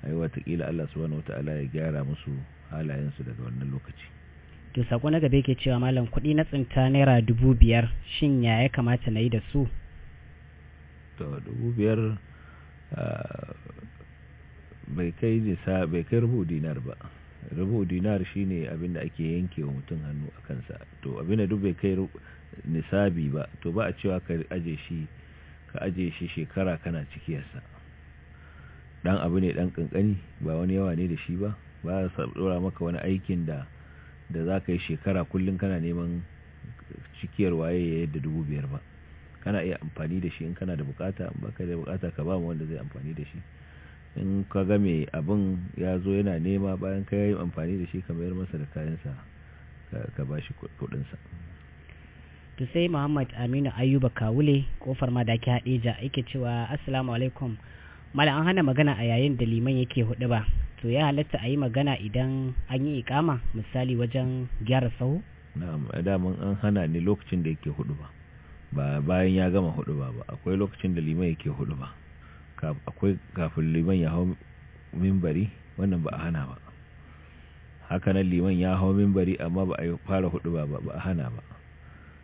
a yi watakila allah subhanahu wataala ya gyara musu halayensu daga wannan lokaci to sako na gaba yake cewa malam kuɗi na tsinta naira dubu biyar shin ya ya kamata na yi da su to dubu biyar ah, bai kai nisa bai kai rubu dinar ba rubu dinar shine abin da ake yanke wa mutum hannu a kansa to abin da duk bai kai nisabi ba to ba a cewa ka aje shi ka aje shi shekara kana cikiyarsa dan abu ne dan kankani ba wani yawa ne da shi ba ba sa dora maka wani aikin da da za ka yi shekara kullum kana neman cikiyar waye ya yadda dubu biyar ba kana iya amfani da shi in kana da bukata ba ka da bukata ka ba mu wanda zai amfani da shi in ka ga mai abin ya zo yana nema bayan ka yi amfani da shi ka mayar masa da kayansa ka ba shi kudinsa to sai muhammad aminu ayuba kawule kofar madaki ja yake cewa assalamu alaikum malam an hana magana a yayin da liman yake hudu ba to ya halatta a yi magana idan an yi ikama misali wajen gyara sahu na daman an hana ne lokacin da yake hudu ba ba bayan ya gama hudu ba ba akwai lokacin da liman yake hudu ba akwai kafin liman ya hau mimbari wannan ba a hana ba hakanan liman ya hau mimbari amma ba a yi fara hudu ba ba a hana ba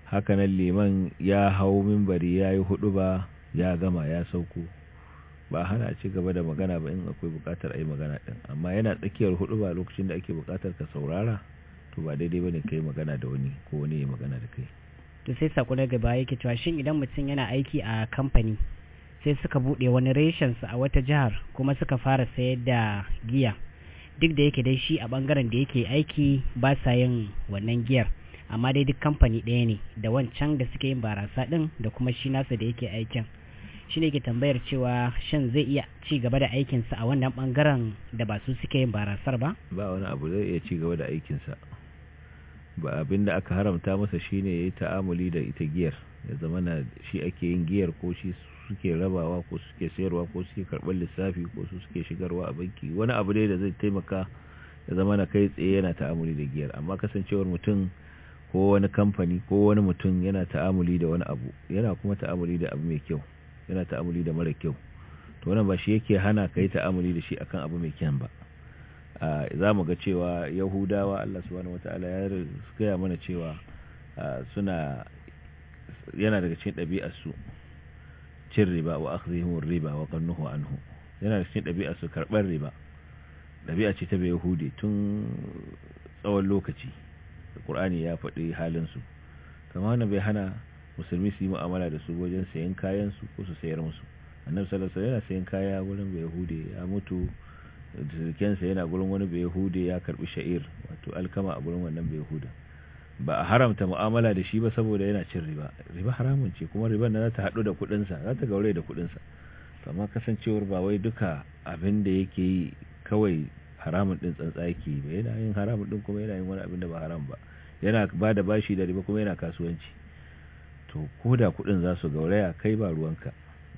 hakanan liman ya hau mimbari ya yi hudu ba ya gama ya sauko ba hana a ci gaba da magana ba in akwai bukatar a yi magana din amma yana tsakiyar hudu ba lokacin da ake bukatar ka saurara to ba daidai bane kai magana da wani ko wani ya magana da kai to sai sako na gaba yake cewa shin idan mutum yana aiki a kamfani sai suka bude wani reshen su a wata jihar kuma suka fara sayar da giya duk da yake dai shi a bangaren da yake aiki ba sa yin wannan giyar amma dai duk kamfani ɗaya ne da wancan da suke yin barasa ɗin da kuma shi nasa da yake aikin ne ke tambayar cewa shan zai iya ci gaba da aikinsa a wannan bangaren da ba su suke yin barasar ba ba wani abu zai iya ci gaba da aikinsa ba abin da aka haramta masa shine ya yi ta'amuli da ita giyar ya zama na shi ake yin giyar ko shi suke rabawa ko suke sayarwa ko suke karɓar lissafi ko su suke shigarwa a banki wani abu ne da zai taimaka ya zama na kai tsaye yana ta'amuli da giyar amma kasancewar mutum ko wani kamfani ko wani mutum yana ta'amuli da wani abu yana kuma ta'amuli da abu mai kyau yana ta'amuli da mara kyau to wannan ba shi yake hana ka yi ta'amuli da shi akan abu mai kyan ba za mu ga cewa yahudawa Allah subhanahu wataala ya gaya mana cewa suna yana daga cikin ɗabi'arsu cin riba wa akhdhihim riba wa qannuhu anhu yana da cikin ɗabi'a karɓar riba ɗabi'a ce ta bai yahudi tun tsawon lokaci ƙur'ani ya faɗi halinsu kamar wannan bai hana musulmi su yi mu'amala da su wajen sayan kayan su ko su sayar musu annabi sallallahu alaihi yana sayan kaya gurin bai yahude ya mutu sirkensa yana gurin wani bai yahude ya karbi sha'ir wato alkama a gurin wannan bai yahuda ba a haramta mu'amala da shi ba saboda yana cin riba riba haramun ce kuma riban nan ta haɗu da sa za ta gaure da kuɗinsa amma kasancewar ba wai duka abin da yake yi kawai haramun ɗin ke yi ba yana yin haramun ɗin kuma yana yin wani abin da ba haram ba yana ba da bashi da riba kuma yana kasuwanci to ko da kuɗin za su gauraya kai ba ruwanka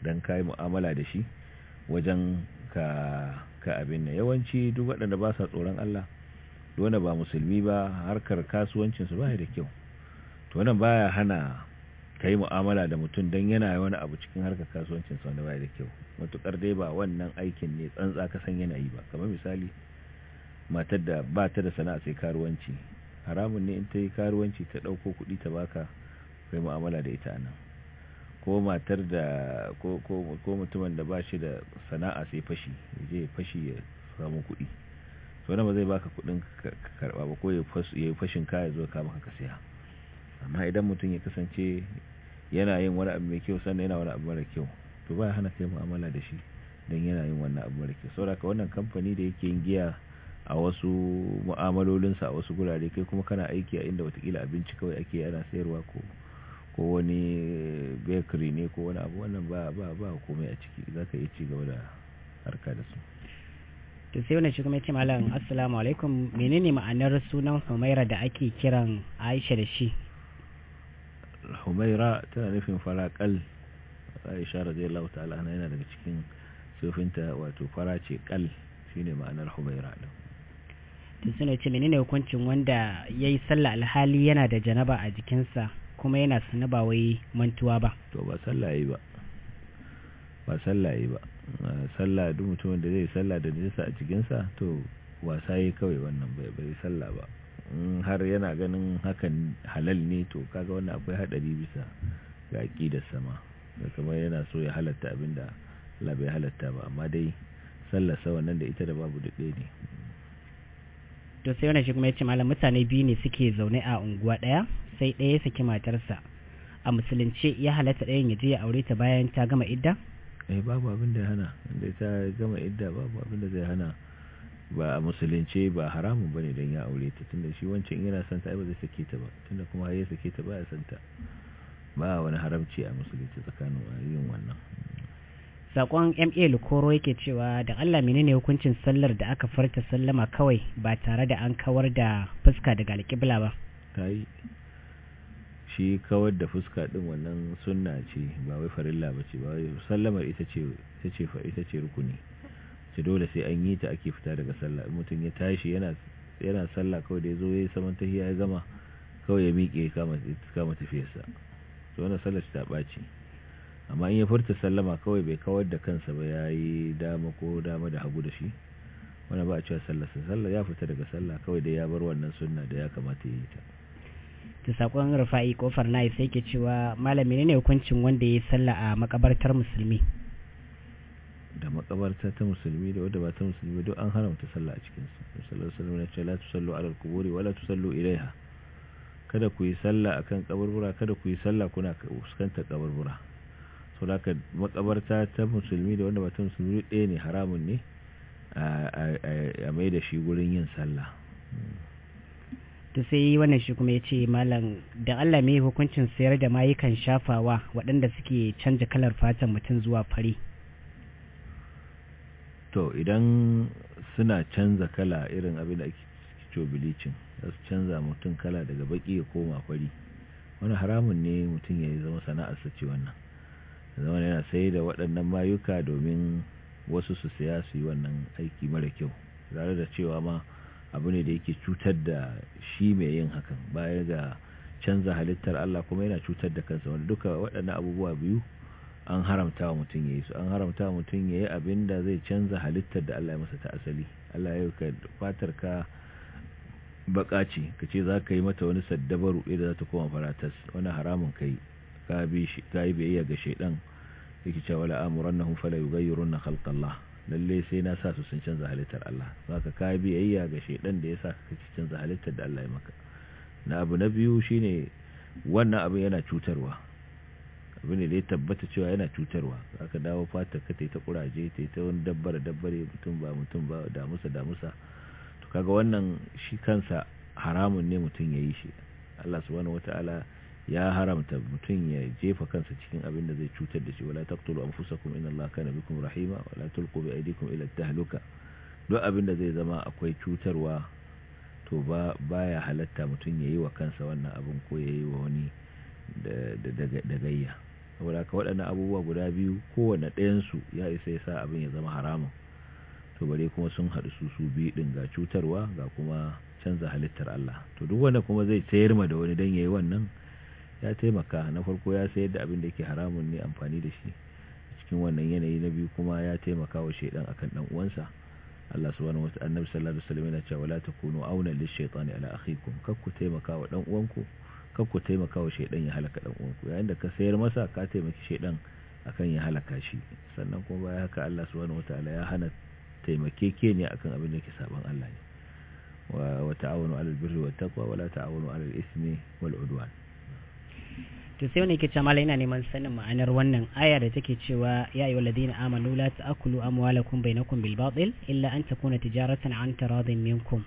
don ka yi mu'amala da shi wajen ka ka abin na yawanci duk waɗanda ba sa tsoron Allah dole ba musulmi ba harkar kasuwancinsu ba da kyau to wannan baya hana ka yi mu'amala da mutum don yana wani abu cikin harkar kasuwancinsu sa wanda baya da kyau Matuƙar dai ba wannan aikin ne tsantsa ka san yana yi ba kamar misali matar da ba ta da sana'a sai karuwanci haramun ne in ta yi karuwanci ta ɗauko kuɗi ta baka kai mu'amala da ita nan ko matar da ko mutumin da ba shi da sana'a sai fashi je fashi ya samu kuɗi sauran ba zai baka kuɗin karɓa ba ko ya yi fashin kaya zuwa kama ka siya amma idan mutum ya kasance yana yin wani abu mai kyau sannan yana wani abu mara kyau to ba hana kai mu'amala da shi don yana yin wannan abu mara kyau saboda ka wannan kamfani da yake yin giya a wasu mu'amalolinsa a wasu gurare kai kuma kana aiki a inda watakila abinci kawai ake yana sayarwa ko ko wani bakery ne ko wani abu wannan ba ba ba komai a ciki za ka iya ci gaba da harka da su to sai wannan shi kuma yace malam assalamu alaikum menene ma'anar sunan Humaira da ake kiran Aisha da shi Humaira tana nufin farakal Aisha radiyallahu ta'ala ana yana daga cikin sufinta wato farace kal shine ma'anar Humaira din to ne ce menene hukuncin wanda yayi sallah alhali yana da janaba a jikinsa kuma yana sana ba wai mantuwa ba to ba sallah yi ba ba sallah yi ba sallah duk mutumin da zai sallah da jinsa a cikinsa to wasa yi kawai wannan bai bai sallah ba in har yana ganin hakan halal ne to kaga wannan akwai hadari bisa ga da sama da kamar yana so ya halatta abinda Allah bai halatta ba amma dai sallah sa wannan da ita da babu da ne to sai wannan shi kuma ya ce malam mutane biyu ne suke zaune a unguwa ɗaya sai ɗaya saki matarsa a musulunci ya halatta ɗayan ya je ya aure ta bayan ta gama idda eh babu abin da hana inda ta gama idda babu abin da zai hana ba a musulunci ba haramun bane don ya aure ta tunda shi wancan yana son ta ba zai sake ta ba tunda kuma ya sake ta ba ya son ta ba wani haramci a musulunci tsakanin yin wannan sakon ma lukoro yake cewa da allah menene hukuncin sallar da aka farta sallama kawai ba tare da an kawar da fuska daga alƙibla ba shi kawar da fuska din wannan sunna ce ba wai farilla ba ce ba sallamar ita ce ita ce rukuni ce dole sai an yi ta ake fita daga sallah mutum ya tashi yana yana sallah kawai da yazo yayi saman tahiyya ya gama kawai ya miƙe kama kama tafiyarsa to wannan sallar ta baci amma in ya furta sallama kawai bai kawar da kansa ba yayi dama ko dama da hagu da shi wannan ba a cewa sallar sallah ya fita daga sallah kawai da ya bar wannan sunna da ya kamata ya yi ta da sakon rufa'i kofar na sai ke cewa malami ne hukuncin wanda ya yi sallah a makabartar musulmi da makabarta ta musulmi da wadda ba ta musulmi duk an haramta sallah a cikin su sallar na wasallam ya ce la sallu ala al-quburi wala sallu ilaiha kada ku yi sallah akan kaburbura kada ku yi sallah kuna fuskantar kaburbura so da makabarta ta musulmi da wadda ba ta musulmi ɗaya ne haramun ne a mai da shi gurin yin sallah to sai wannan shi kuma ya ce malam da allah mai hukuncin sayar da mayukan shafawa waɗanda suke canja kalar fatan mutum zuwa fari to idan suna canza kala irin abin da ake ciwo bilicin za su canza mutum kala daga baki ya koma fari wani haramun ne mutum ya zama sana'ar ce wannan zama yana sai da waɗannan mayuka domin wasu su saya su yi wannan aiki mara kyau tare da cewa ma abu ne da yake cutar da shi mai yin hakan baya ga canza halittar Allah kuma yana cutar da kansa wanda duka waɗannan abubuwa biyu an haramta wa mutum ya yi su an haramta wa mutum ya yi abin da zai canza halittar da Allah ya masa ta asali Allah ya yi ka fatar ka baka ce ka ce za ka yi mata wani ruɗe da za ta koma faratas wani haramun ka yi ka yi biyayya ga shaidan yake cewa la'amuran na hufala yugayyurun na halkallah lalle sai na sa su sun canza halittar Allah za ka biyayya ga shedan da ya sa ka canza halittar da Allah ya maka na abu na biyu shine wannan abin yana cutarwa abin da ya tabbata cewa yana cutarwa za ka dawo fata ka ta kuraje ta ta wani dabbare dabbare mutum ba mutum ba damusa damusa to kaga wannan shi kansa haramun ne mutum yayi shi Allah subhanahu wataala ya haramta mutum ya jefa kansa cikin abin da zai cutar da shi wala taqtulu anfusakum inna allaha kana bikum rahima wala tulqu bi aydikum ila tahluka duk abin da zai zama akwai cutarwa to ba baya halatta mutum yayi wa kansa wannan abin ko yayi wa wani da gayya saboda ka wadannan abubuwa guda biyu kowanne ɗayan su ya isa ya sa abin ya zama haramun to bare kuma sun haɗu su su biyu din ga cutarwa ga kuma canza halittar Allah to duk wanda kuma zai sayar ma da wani dan yayi wannan ya taimaka na farko ya sayar da abin da ke haramun ne amfani da shi cikin wannan yanayi na biyu kuma ya taimaka wa shaidan akan dan uwansa Allah subhanahu wata annabi sallallahu alaihi wasallam yana cewa wala takunu auna lish-shaytani ala akhikum kakku taimaka wa dan uwanku kakku taimaka wa shaidan ya halaka dan uwanku yayin da ka sayar masa ka taimaki shaidan akan ya halaka shi sannan kuma baya haka Allah subhanahu wataala ya hana taimakeke ne akan abin da ke saban Allah ne wa ta'awunu 'alal birri wat taqwa wa la ta'awunu 'alal ismi wal 'udwan to sai wani yake cewa yana neman sanin ma'anar wannan aya da take cewa ya ayyuhal ladina amanu la ta'kulu amwalakum bainakum bil batil illa an takuna tijaratan an taradin minkum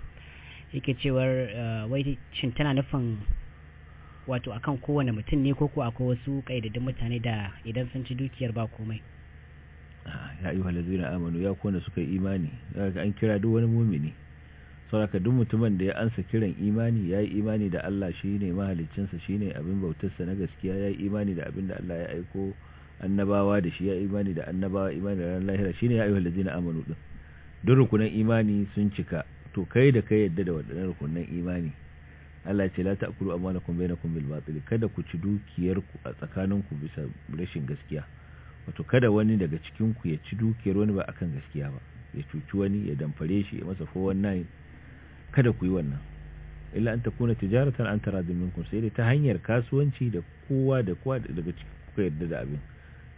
yake cewa uh, wai shin tana nufin wato akan kowane mutum ne ko ko akwai wasu kaidadin mutane da idan sun ci dukiyar ba komai ah, ya ayyuhal ladina amanu ya kona suka imani daga an kira duk wani mumini saboda duk mutumin da ya ansa kiran imani yayi yi imani da Allah shi ne mahalicinsa shi abin bautarsa na gaskiya ya yi imani da abin da Allah ya aiko annabawa da shi ya imani da annabawa imani da ranar lahira shi ne ya ayyuhal ladina amanu din Don rukunan imani sun cika to kai da kai yadda da wadannan rukunan imani Allah ya ce la ta'kulu amwalakum bainakum bil batil kada ku ci dukiyarku a tsakaninku bisa rashin gaskiya wato kada wani daga cikin ku ya ci dukiyar wani ba akan gaskiya ba ya cuci wani ya damfare shi ya masa 419 kada ku yi wannan illa an takuna tijaratan an taradin minkum sai dai ta hanyar kasuwanci da kowa da kowa daga ciki kuka yarda da abin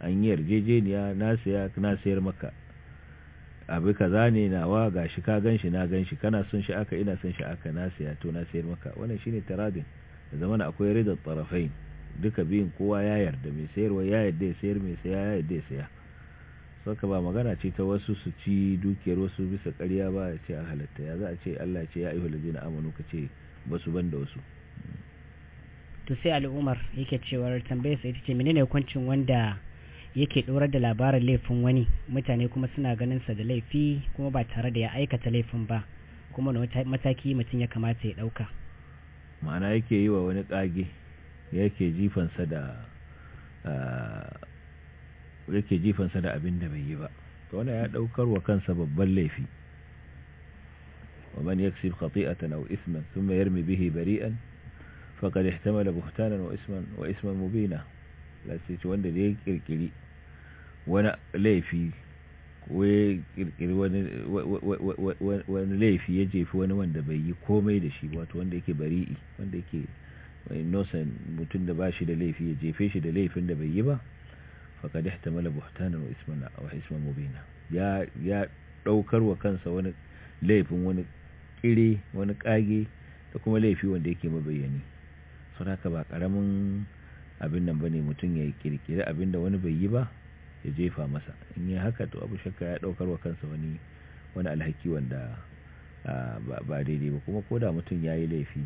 an yi yarjejeniya na saya na sayar maka abu kaza ne nawa gashi ka ganshi na ganshi kana son shi aka ina son shi aka na saya to na sayar maka wannan shine taradin da zamana akwai ridar tarafai duka biyun kowa ya yarda mai sayarwa ya yarda ya sayar mai saya ya yarda ya saya saka ba magana ce ta wasu su ci dukiyar wasu bisa ƙarya ba ya ce a halatta ya za a ce Allah ce ya ayyuhal ladina amanu ka ce ba su ban da wasu to sai al'umar yake cewar tambayar sai ita ce menene hukuncin wanda yake ɗora da labarin laifin wani mutane kuma suna ganin sa da laifi kuma ba tare da ya aikata laifin ba kuma na mataki mutum ya kamata ya ɗauka ma'ana yake yi wa wani ƙage yake jifansa da ah, yake jifansa da abin da bai yi ba to wannan ya daukar wa kansa babban laifi wa man yaksib khati'atan aw ithman thumma yarmi bihi bari'an faqad ihtamala buhtanan wa isman wa isman mubina lace ce wanda ya kirkiri wani laifi ko ya kirkiri wani laifi ya jefi wani wanda bai yi komai da shi wato wanda yake bari'i wanda yake mai mutum da ba shi da laifi ya jefe shi da laifin da bai yi ba faƙad ihtamala buhtanan wa isman wa isman mubina ya ya daukar wa kansa wani laifin wani kire wani kage da kuma laifi wanda yake mabayyani sun haka ba karamin abin nan bane mutum ya kirkire abinda wani bai yi ba ya jefa masa in yi haka to abu shakka ya daukar wa kansa wani wani alhaki wanda ba daidai ba kuma koda mutum yayi laifi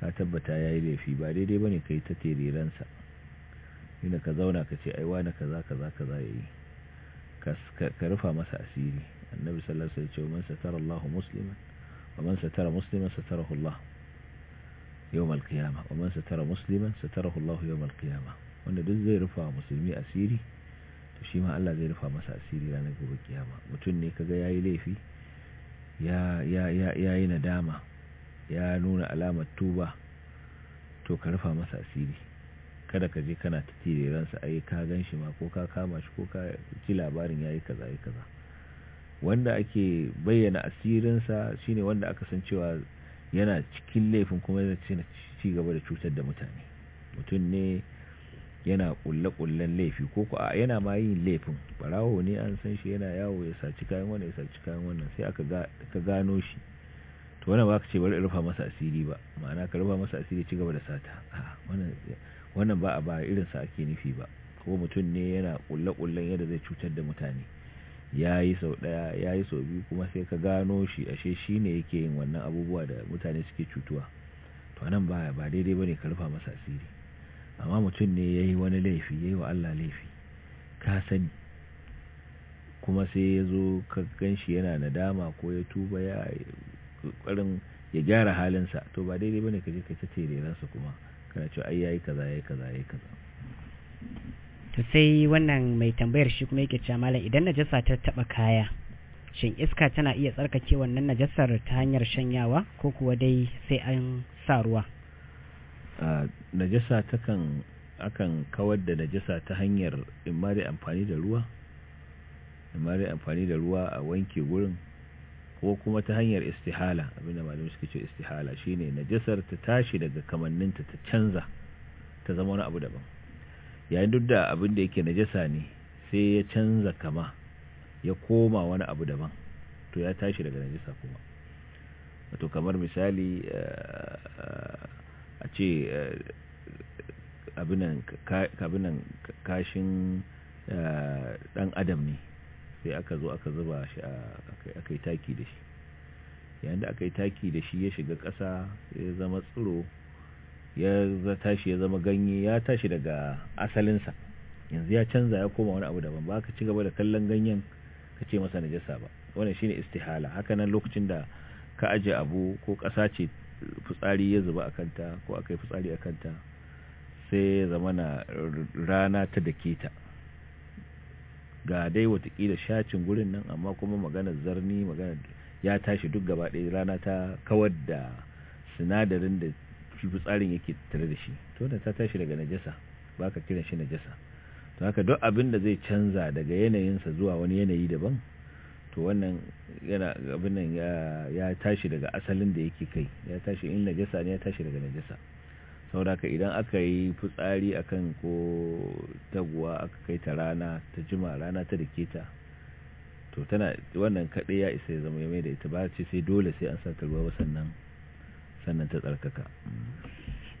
ka tabbata yayi laifi ba daidai bane ne ka yi ta ina ka zauna ka ce ai wani kaza kaza kaza yayi ka rufa masa asiri annabi sallallahu alaihi wasallam man satara Allah musliman wa man satara musliman satarahu Allah yawm al-qiyamah wa man satara musliman satarahu Allah yawm al-qiyamah wanda duk zai rufa musulmi asiri to shi ma Allah zai rufa masa asiri ranar gobe kiyama mutum ne kaga yayi laifi ya ya ya yayi nadama ya nuna alamar tuba to ka rufa masa asiri kada ka je kana ta a yi ka gan shi ma ko ka kama shi ko ka ji labarin yi kaza yi kaza wanda ake bayyana asirinsa shine wanda aka san cewa yana cikin laifin kuma yana ci gaba da cutar da mutane mutum ne yana kulle-kullen laifi ko ko yana ma yin laifin barawo ne an san shi yana yawo ya saci kayan wannan ya saci kayan wannan sai aka ka gano shi to wannan ba ka ce bari rufa masa asiri ba ma'ana ka rufa masa asiri ci gaba da sata a wannan wannan ba a ba sa ake nufi ba ko mutum ne yana kulle-kullen yadda zai cutar da mutane ya yi sau ɗaya ya yi sau biyu kuma sai ka gano shi ashe shi ne yake yin wannan abubuwa da mutane suke cutuwa to nan ba ba daidai bane ka rufa masa asiri amma mutum ne ya yi wani laifi ya yi wa allah laifi ka sani kuma sai ya zo ka gan shi yana nadama ko ya tuba ya ƙoƙarin ya gyara halinsa to ba daidai bane ka je ka ta ransa kuma kana ce ai yayi kaza yayi kaza yayi kaza to sai wannan mai tambayar shi kuma yake cewa malam idan najasa ta taba kaya shin iska tana iya tsarkake wannan najasar ta hanyar shanyawa ko kuwa dai sai an sa ruwa najasa takan akan kawar da najasa ta hanyar imma da amfani da ruwa imma dai amfani da ruwa a wanke gurin ko kuma ta hanyar istihala abinda malamai suke ce istihala shine najasar ta tashi daga kamanninta ta canza ta zama wani abu daban yayin duk da abin da yake najasa ne sai ya canza kama ya koma wani abu daban to ya tashi daga najasa kuma wato kamar misali eh, eh, a ce eh, abinan kashin dan adam ne sai aka zo aka zuba shi aka yi taki da shi yayin da aka yi taki da shi ya shiga ƙasa ya zama tsiro ya tashi ya zama ganye ya tashi daga asalinsa yanzu ya canza ya koma wani abu daban ba ka ci gaba da kallon ganyen ka ce masa najasa ba wannan shine istihala haka nan lokacin da ka aje abu ko ƙasa ce fitsari ya zuba a kanta ko aka yi fitsari a kanta sai ya zama na rana ta dake ta ga dai watakila shacin gurin nan amma kuma maganar zarni maganar ya tashi duk gaba ɗaya rana ta kawar da sinadarin da shi fitsarin yake tare da shi to da ta tashi daga najasa ka kiran shi najasa to haka duk abin da zai canza daga yanayinsa zuwa wani yanayi daban to wannan yana abin nan ya tashi daga asalin da yake kai ya tashi in najasa ne ya tashi daga najasa sauraka idan aka yi fitsari a kan ko taguwa aka kai ta rana ta jima rana ta dake ta to tana wannan kaɗai ya isa ya zama mai da ita ba ce sai dole sai an sata ruwa sannan sannan ta tsarkaka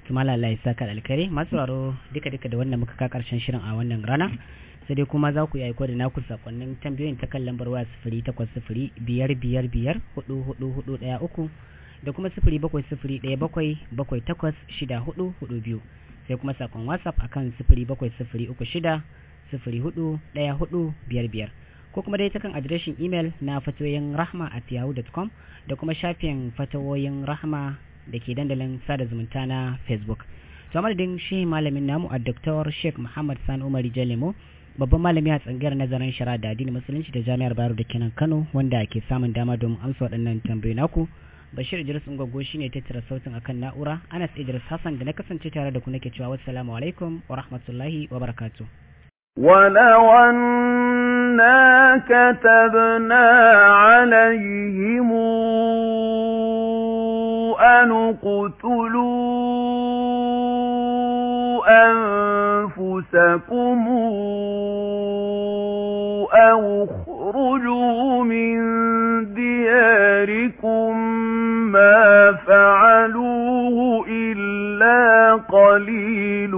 tumala Allah ya saka alkare masu raro duka duka da wannan muka ka karshen shirin a wannan rana sai dai kuma za ku yi aiko da na ku sakonnin tambayoyin ta kan lambar waya sifiri takwas sifiri biyar biyar biyar hudu hudu hudu ɗaya uku da kuma sifiri bakwai sifili ɗaya bakwai bakwai takwas shida hudu hudu biyu sai kuma sakon whatsapp akan sifiri bakwai sifili uku shida sifiri hudu ɗaya hudu biyar biyar ko kuma dai ta kan adireshin imel na fatoyin rahma at com da kuma shafin fatawoyin rahma da ke dandalin sada zumunta na facebook to madadin shi malamin namu a Dr. Sheikh Muhammad Sani Umar Jalemo babban malami a tsangiyar nazarin shari'a da addinin musulunci da jami'ar Bayero da kenan Kano wanda ke samun dama domin amsa waɗannan tambayoyi naku bashir idris ngwaggo shine ta tira sautin akan na'ura anas idris hassan da na kasance tare da ku nake cewa assalamu alaikum wa rahmatullahi wa barakatuh ولو أنا كتبنا عليهم أن اقتلوا أنفسكم أو قَلِيلٌ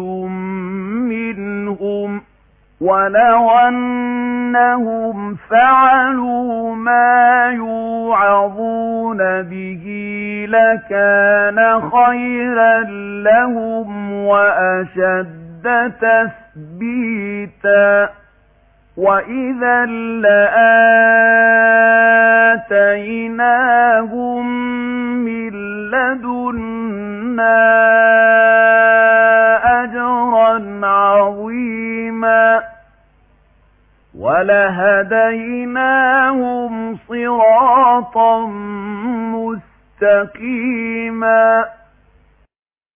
مِنْهُمْ وَلَوْ أَنَّهُمْ فَعَلُوا مَا يُوعَظُونَ بِهِ لَكَانَ خَيْرًا لَهُمْ وَأَشَدَّ تَثْبِيتًا وَإِذًا لَّآتَيْنَاهُم مِّن لَّدُنَّا أَجْرًا عَظِيمًا وَلَهَدَيْنَاهُمْ صِرَاطًا مُّسْتَقِيمًا